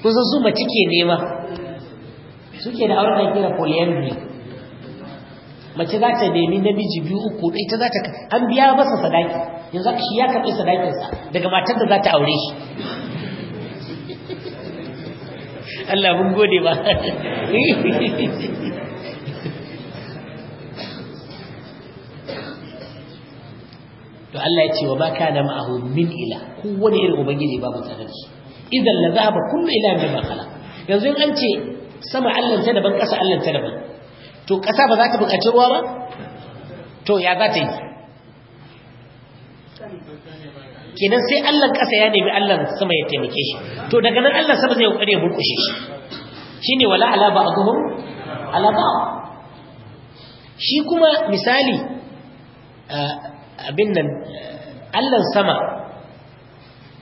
Kusan su mace ke nema suke da auren da da polyandry mace za ta nemi namiji biyu uku ita za ta an biya masa sadaki yanzu shi ya karɓi sadakinsa daga matar da za ta aure shi <laughs> Allah mun gode ba <laughs> to Allah ya ce wa ma kana ma'ahu min ila ko wani irin ubangiji babu tare da shi idan la zahaba kullu ila bima khala yanzu in an ce sama Allah ta daban kasa Allah ta daban to ƙasa ba za ka buƙaci ruwa ba to ya za ta yi kenan sai allon ƙasa ya nemi allon sama ya taimake shi to daga nan allon sama zai yi ƙware ya burkushe shi Shi ne wala alaba ba a guhun ala shi kuma misali abin nan allon sama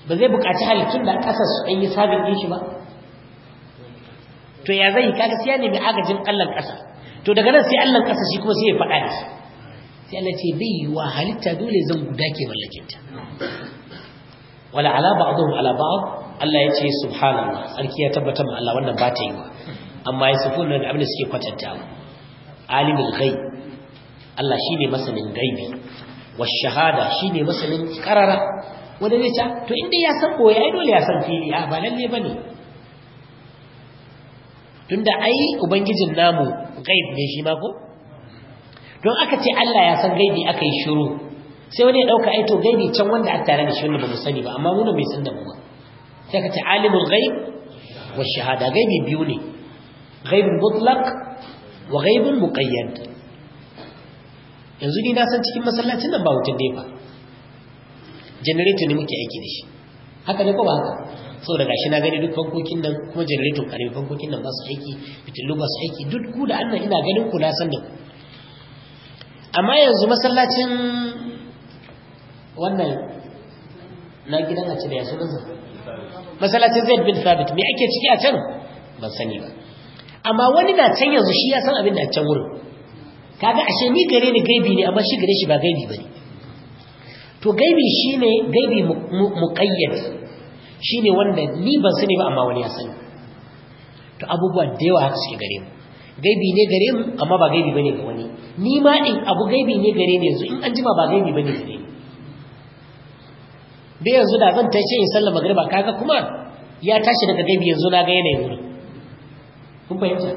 ba zai buƙaci halittun da ƙasa su ɗanyi sabin ɗin shi ba to ya zai kaga sai ne mai agajin allon ƙasa to daga nan sai Allah kasa shi kuma sai ya faɗa da sai Allah ce bai yiwa halitta dole zan guda ke mallakin ta wala ala ba'dhum ala ba'd Allah ya ce subhanallah sarki ya tabbata ma Allah wannan ba ta yi wa amma ya sufu da abin da suke kwatantawa alimul ghaib Allah shine masanin gaibi was shahada shine masanin karara wanda zai ta to inda ya san boye ai dole ya san fili a ba lalle bane tunda ai ubangijin namu gaib ne shi ma ko don aka ce Allah ya san gaibi aka yi shiru sai wani ya dauka ai to gaibi can wanda a tare da shi wanda ba mu sani ba amma mu bai san da mu ba sai ka ce alimul ghaib wa shahada gaibi biyu ne ghaibun mutlaq wa ghaibun muqayyad yanzu ni na san cikin masallacin nan ba wutar defa generator ne muke aiki da shi haka ne ko ba haka saboda gashi na gani duk fankokin nan kuma janareto kare fankokin nan ba su aiki fitilu ba su aiki duk ku da annan ina ganin ku na san da ku amma yanzu masallacin wannan na gidan a cire yasu nan masallacin zaid bin thabit me ake ciki a can ban sani ba amma wani na can yanzu shi ya san abin da a can wurin kaga ashe ni gare ni gaibi ne amma shi gare shi ba gaibi bane to gaibi shine gaibi muqayyad Shi ne wanda ni ban sani ba amma wani ya sani to abubuwa da yawa haka suke gare mu gaibi ne gare mu amma ba gaibi bane ga wani ni ma in abu gaibi ne gare ni yanzu in an jima ba gaibi bane gare ni bai yanzu da zan tashi in sallar magriba kaga kuma ya tashi daga gaibi yanzu na ga yanayin wurin kun fahimta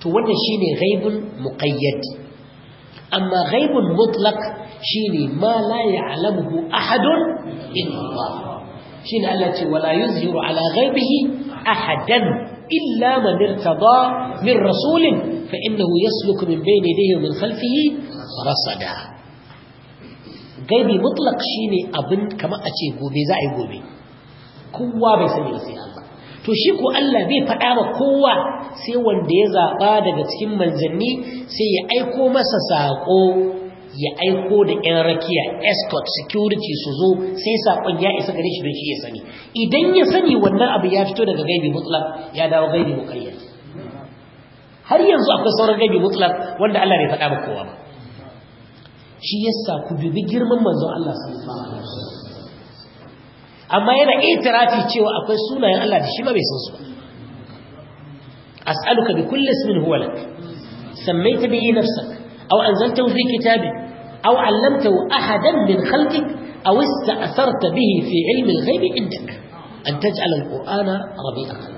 to wannan shine ghaibul muqayyad amma ghaibul mutlaq shine ma la ya'lamuhu ahadun illa Allah Shin Allah ce wala yuzhiru ala ghaibihi ahadan illa ma irtada min rasulin fa innahu yasluku min bayni yadayhi wa min khalfihi da. gaibi mutlaq shine abin kamar a ce gobe za a yi gobe kowa bai sani ba sai Allah to shi ko Allah bai faɗa ma kowa sai wanda ya zaɓa daga cikin manzanni sai ya aiko masa saƙo ya aiko da 'yan rakiya escort security su zo sai saƙon ya isa gare shi don shi ya sani idan ya sani wannan abu ya fito daga gaibi mutlak ya dawo gaibi mukayyar har yanzu akwai sauran gaibi mutlak wanda Allah bai faɗa ba kowa ba shi yasa ku dubi girman manzon Allah amma yana itirafi cewa akwai sunayen Allah da shi ba bai san su as'aluka bi kulli ismin huwa lak sammaita bihi nafsak أو أنزلته في كتابك أو علمته أحدا من خلقك أو استأثرت به في علم الغيب عندك أن تجعل القرآن ربيع قلبي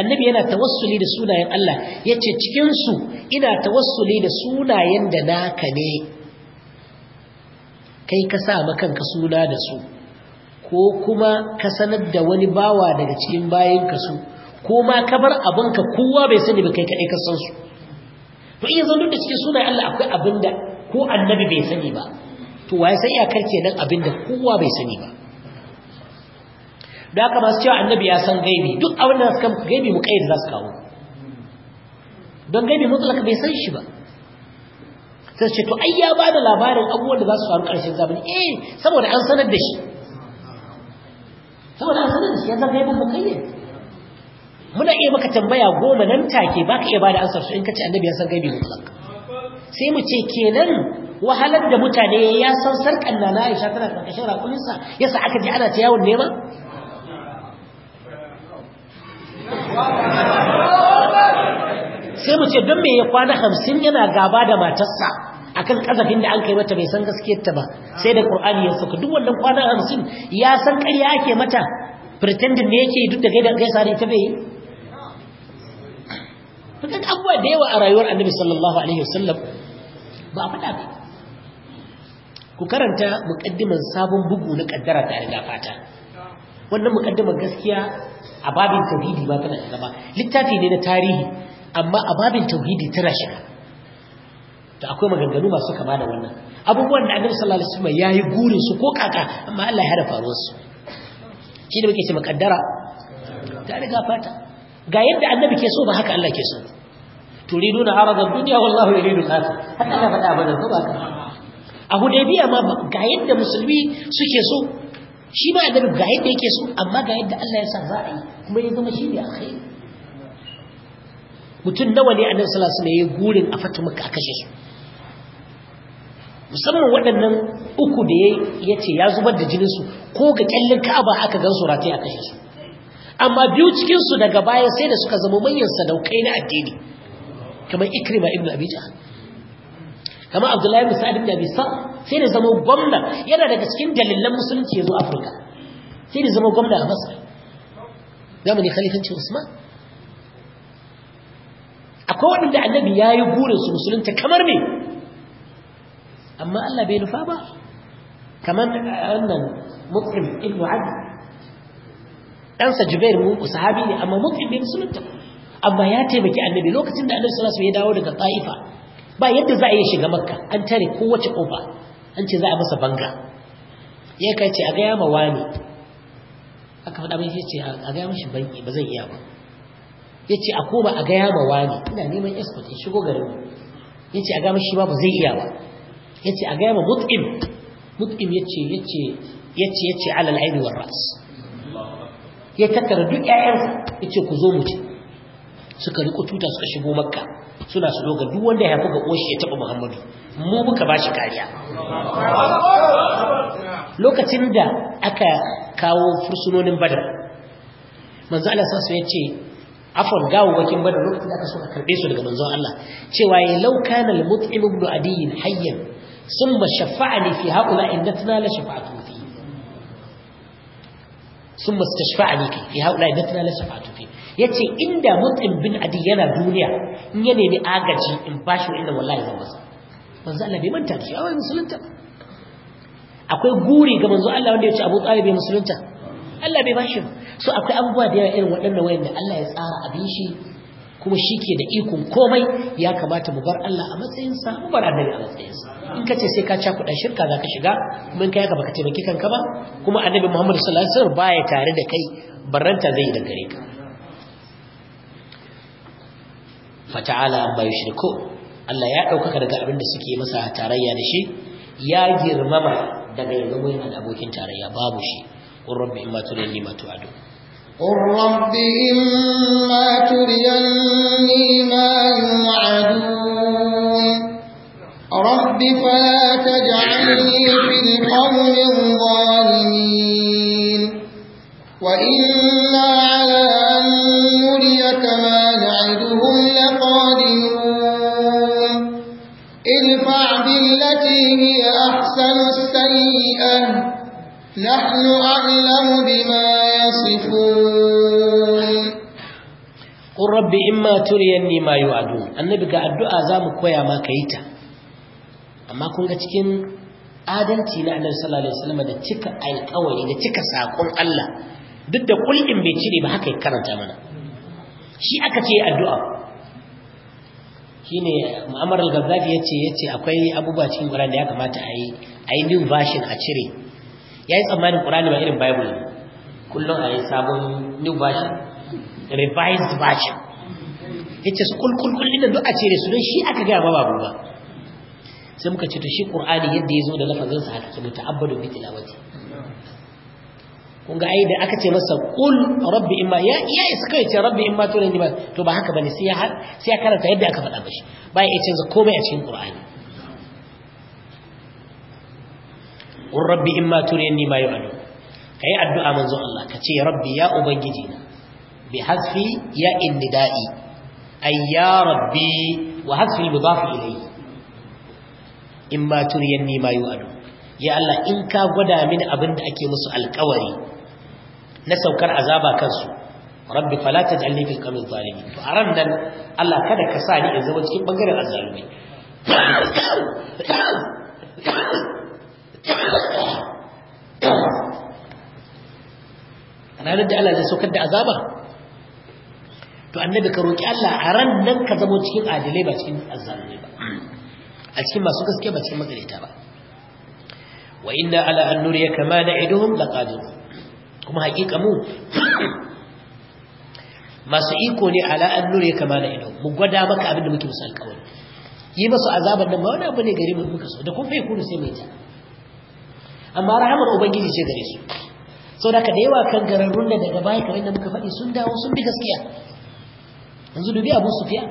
annabi yana tawassuli da sunayen Allah yace cikin su ina tawassuli da sunayen da naka ne kai ka sa makanka suna da su ko kuma ka sanar da wani bawa daga cikin bayanka su ko ma ka bar abinka kowa bai sani ba kai kaɗai ka san su to iya zan da cikin sunayen Allah akwai abin da ko annabi bai sani ba to waye sai ya karce nan abinda kowa bai sani ba da haka masu cewa annabi ya san gaibi duk abin da suka gaibi mu kai za su kawo don gaibi mutlak bai san shi ba sai ce to ai ya da labarin abubuwan da za su faru karshen zamani eh saboda an sanar da shi saboda an sanar da shi ya zama gaibin mukayyad muna iya maka tambaya goma nan take baka iya bada ansar su in kace annabi ya san gaibi mutlak sai mu ce kenan wahalar da mutane ya san sarkan na na aisha tana karkashin rakuninsa yasa aka ji ana ta yawon nema sai mu ce don me ya kwana hamsin yana gaba da matarsa akan kazafin da an kai mata bai san ta ba sai da qur'ani ya sauka duk wannan kwana hamsin ya san ƙarya ake mata pretending ne yake duk da gaida gaisa ne ta bai Fakat abuwa da yawa a rayuwar annabi sallallahu alaihi wasallam ba faɗa ba ku karanta muƙaddiman sabon bugu na ƙaddara ta riga fata wannan muƙaddimar gaskiya a babin tauhidi ba tana shiga ba littafi ne na tarihi amma a babin tauhidi tana shiga to akwai maganganu masu kama da wannan abubuwan da annabi sallallahu alaihi wasallam yayi gurin su ko kaka amma Allah ya hada faruwar su shi da muke ce muƙaddara ta riga fata ga yadda annabi ke so ba haka Allah ke so turiduna arada dunya wallahu yuridu al-akhirah haka ka faɗa ba da zuwa ka a hudaybiya ma ga yadda musulmi suke so shi ma annabi ga yadda yake so amma ga yadda Allah ya sa za a yi kuma ya zama shi ne alkhairi mutum nawa ne annabi sallallahu alaihi wasallam ya gurin a fata maka a kashe su musamman waɗannan uku da ya ce ya zubar da jinin su, ko ga kyallin ka'aba aka gan su rataye a kashe su amma biyu cikinsu daga baya sai da suka zama manyan sadaukai na addini kamar ikrima ibn abi jahl kamar abdullahi Musa sa'id ibn abi sai da zama gwamna yana daga cikin dalilan musulunci ya zo afirka sai da zama gwamna a masar zamani khalifancin usman akwai waɗanda annabi ya yi burinsu musulunta kamar me amma allah bai nufa ba kamar eh, wannan mutum ibn azz ɗansa jubair mu sahabi ne amma mutum bai musulunta ba amma ya taimaki annabi lokacin da annabi sallallahu alaihi wasallam ya dawo daga Taifa ba yadda za a yi shiga Makka an tare kowace kofa an ce za a masa banga ya kai ce a ga ya mawani aka faɗa mai ce a ga mashi banki ba zai iya ba Ya ce a koma a ga ya mawani ina neman escort in shigo garin Ya ce a ga mashi ba ba zai iya ba Ya ce a ga ya mut'im mut'im ya ce ya ce alal aini war ras ya tattara duk ƴaƴansa ce ku zo mu ci suka riko tuta suka shigo makka suna su doga duk wanda ya haifu ga koshi ya taba muhammadu mu muka bashi kariya lokacin da aka kawo fursunonin badar manzo Allah sallallahu ya ce afon bakin badar lokacin da aka so a karbe su daga manzo Allah cewa ya law kana al-mut'im ibn adiyin hayyan summa shafa'ani fi haula indatna la shafa'atu fi ثم fi haula indatna la shafa'atu fi yace inda mutum bin adi yana duniya in ya nemi agaji in bashi inda wallahi zan masa manzo Allah bai manta shi awai musulunta akwai guri ga manzo Allah wanda ya ce Abu Talib bai musulunta Allah bai bashi so akwai abubuwa da yawa irin waɗannan wayanda Allah ya tsara abin shi kuma shi ke da ikon komai ya kamata mu bar Allah a matsayinsa mu bar annabi a matsayinsa in ka ce sai ka cakuɗa shirka za ka shiga kuma in ka baka taimaki kanka ba kuma annabi Muhammad sallallahu alaihi wasallam baya tare da kai barranta zai da gare ka fata'ala amma yushriku Allah ya ɗaukaka daga abin da suke masa tarayya da shi ya girmama daga yanzu mu abokin tarayya babu shi qur rabbi imma turini ma tu'adu qur rabbi imma turini ma yu'adu rabbi fala taj'alni fil qawmi dhalimin wa in نحن أعلم بما يصفون قل رب إما تريني ما يوعدون النبي قال الدعاء زام كويا ما كيتا أما كنت تكين adalci na annabi sallallahu alaihi wasallam da cika alƙawari da cika sakon Allah duk da kullin bai cire ba haka ya karanta mana shi aka ce addu'a shine Muammar al-Gaddafi yace yace akwai abubuwa cikin Qur'an da ya kamata a yi a yi new version a cire Ya yi tsammanin ƙur'ani ba irin bible ne kullum a yi sabon new version revised version yace su kulkulkul inda duk a cire su don shi aka gaya ba babu ba sai muka ce to shi ƙur'ani yadda ya zo da lafazin sa haka ke muta'abbadu bi tilawati kun ga ai da aka ce masa kul rabbi imma ya ya isa kai ce rabbi imma to ne ba to ba haka bane sai ya sai ya karanta yadda aka faɗa ba shi ba ya za komai a cikin qur'ani qur rabbi imma turini ma Ka yi addu'a manzo Allah kace rabbi ya ubangiji na bi hasfi ya indida'i ay ya rabbi wa hasfi mudaf ilayhi imma turini ma yu'adu ya Allah in ka gwada mini abin da ake musu alƙawari na saukar azaba kansu rabbi fala taj'alni fil qawmi zalimin to ran nan Allah kada ka sa ni in zama cikin bangaren azzalumai ranar da Allah zai saukar da azaba to annabi ka roki Allah a ran nan ka zama cikin adilai ba cikin azzalumai ba a cikin masu gaske ba cikin magareta ba wa inna ala an nuriyaka ma na'iduhum laqadir kuma hakika mu masu iko ne ala an kama ma na'iduhum mu gwada maka abin da muke musu alkawari yi masu azaban nan ba wani abu ne gari mu muka so da kun fa kuru sai mai ta amma rahamar ubangiji ce gare su sau da ka da yawa kan gararrun da daga bayan kamar da muka faɗi sun dawo sun bi gaskiya yanzu dubi abu sufiya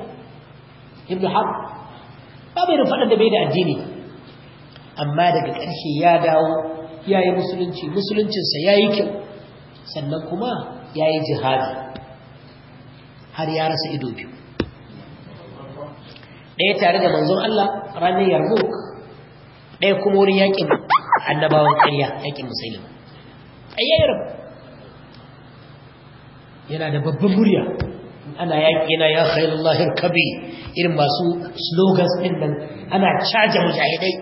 ibn har ba bai faɗin da bai da addini amma daga ƙarshe ya dawo ya yi musulunci musuluncinsa ya yi kyau sannan kuma ya yi jihadi har ya rasa ido biyu ɗaya tare da manzon Allah ranar yarmouk ɗaya kuma wurin yaƙin annabawan ƙarya yakin musailima ayyayyar yana da babban murya ana yaƙi na ya khairullahir kabi irin masu slogans ɗin nan ana caja mujahidai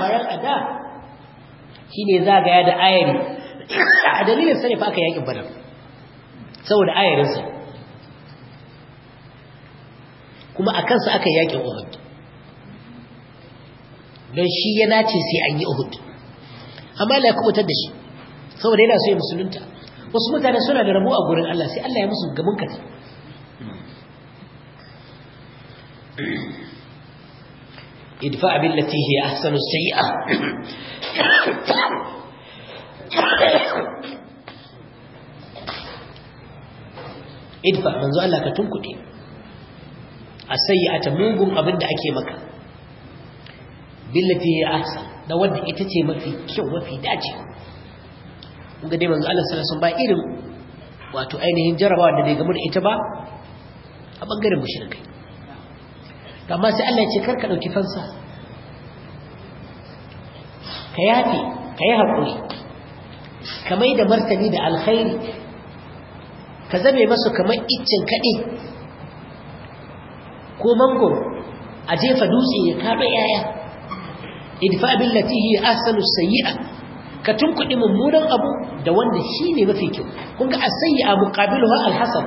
bayan ada shine zagaya da ayari a dalilin sa ne fa aka yaƙin badar saboda ayarinsa kuma a kansa aka yaƙin uhud don shi ya nace sai an yi uhud amma Allah ya kubutar da shi saboda yana so ya musulunta wasu mutane suna da rabo a gurin Allah sai Allah ya musu gaban kata idfa billati hi ahsanu sayi'a idfa manzo Allah ka tunkuɗe a sayi'ata mugun abin da ake maka billati ya asa da wanda ita ce mafi kyau mafi dace ga dai manzo Allah sallallahu alaihi wasallam ba irin wato ainihin jarabawa da bai gamu da ita ba a bangaren mushrikai amma sai Allah ya ce karka dauki fansa ka yafi ka yi hakuri ka mai da martani da alkhairi ka zame masu kamar iccen kaɗe ko mango a jefa dutse ya kaɗo yaya ادفاء بالتي هي احسن السيئه كتنقدي ممدن ابو ده وند شي ني مفي كيو كونغا السيئه مقابلها الحسن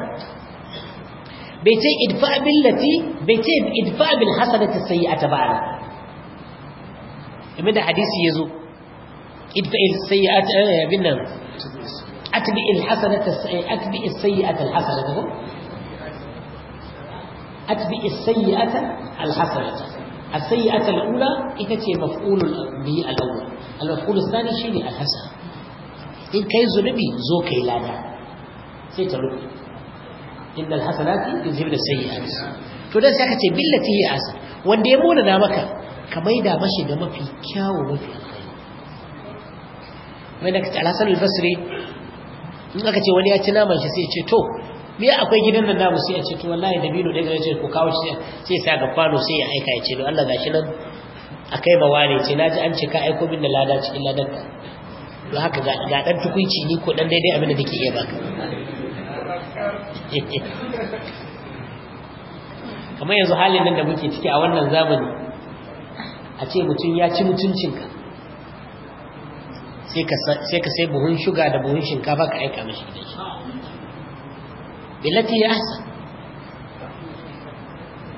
بيتي ادفاء بالتي بيتي ادفاء بالحسنه السيئه تبعنا اما ده حديث يزو ادفاء السيئات يا بنن اتبي الحسنه السيئه اتبع السيئه الحسنه اتبي السيئه الحسنه السيئة الأولى إتتي مفعول به الأول المفعول الثاني شيني الحسن إن كي زنبي زو كي لانا سيترك إن الحسنات يذهبن السيئات to dan sai aka ce billati hi asa wanda ya mona na maka ka maida mashi da mafi kyawu mafi alkhairi mai da kace al-Hasan al-Basri aka ce wani ya ci naman shi sai ya ce to me akwai gidan nan namu sai a ce to wallahi dabino da daga ce ko kawo shi sai sa ga kwano sai ya aika ya ce to Allah gashi nan akai ba wane ce naji an ce ka aiko min da lada cikin ladan ka to haka ga ga dan tukunci ni ko dan daidai abin da nake iya baka <laughs> kamar yanzu halin nan da muke ciki a wannan zamani a ce mutum ya ci mutuncinka sai ka sai buhun shuga da buhun shinkafa ka aika mashi gidan shi billati ya ahsan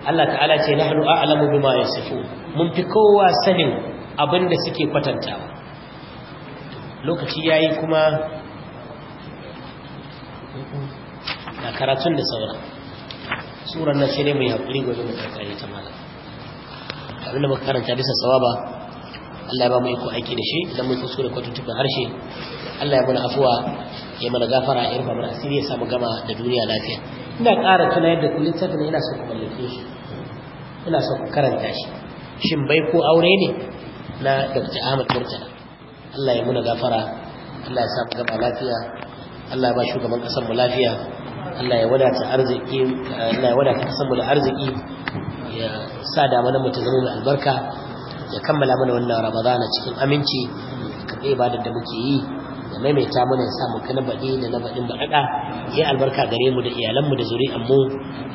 Allah ta'ala ce nahnu a'lamu bima yasifun mun fi kowa sanin abinda suke kwatantawa lokaci yayi kuma na karatun da saura suran nan sai dai mu yi hakuri gobe mu karkare ta malam abinda muka karanta bisa sawaba Allah ya ba mu iko aiki da shi idan mun tsoro kwatuntun harshe Allah ya mana afuwa ya mana gafara ya rufa mana asiri ya samu gama da duniya lafiya ina ƙara tana yadda ku ne ina so ku mallake shi ina so ku karanta shi shin bai ko aure ne na Dr. Ahmad Murtala Allah ya muna gafara Allah ya samu gama lafiya Allah ya ba shugaban ƙasar mu lafiya Allah ya wadata arziki Allah ya wadata ƙasar mu da arziki ya sa damanar mu ta zama mai albarka ya kammala mana wannan Ramadana cikin aminci ka ibadar da muke yi maimaita mana ya samu kana baɗi da na baɗin baɗaɗa ya albarka gare mu da iyalanmu da zuri'an mu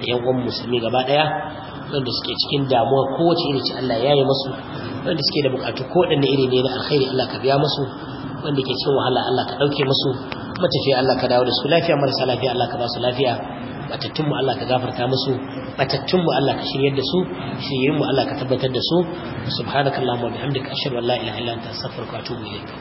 da yan uwan musulmi gaba ɗaya wanda suke cikin damuwa kowace iri ce Allah ya yi masu wanda suke da bukatu ko waɗanne iri ne na alkhairi Allah ka biya masu wanda ke cikin wahala Allah ka ɗauke masu matafiya Allah ka dawo da su lafiya marasa lafiya Allah ka ba su lafiya batattunmu Allah ka gafarta musu batattunmu Allah ka shiryar da su shiryinmu Allah ka tabbatar da su subhanakallahumma wa bihamdika ashhadu an la ilaha illa anta astaghfiruka wa atubu ilayk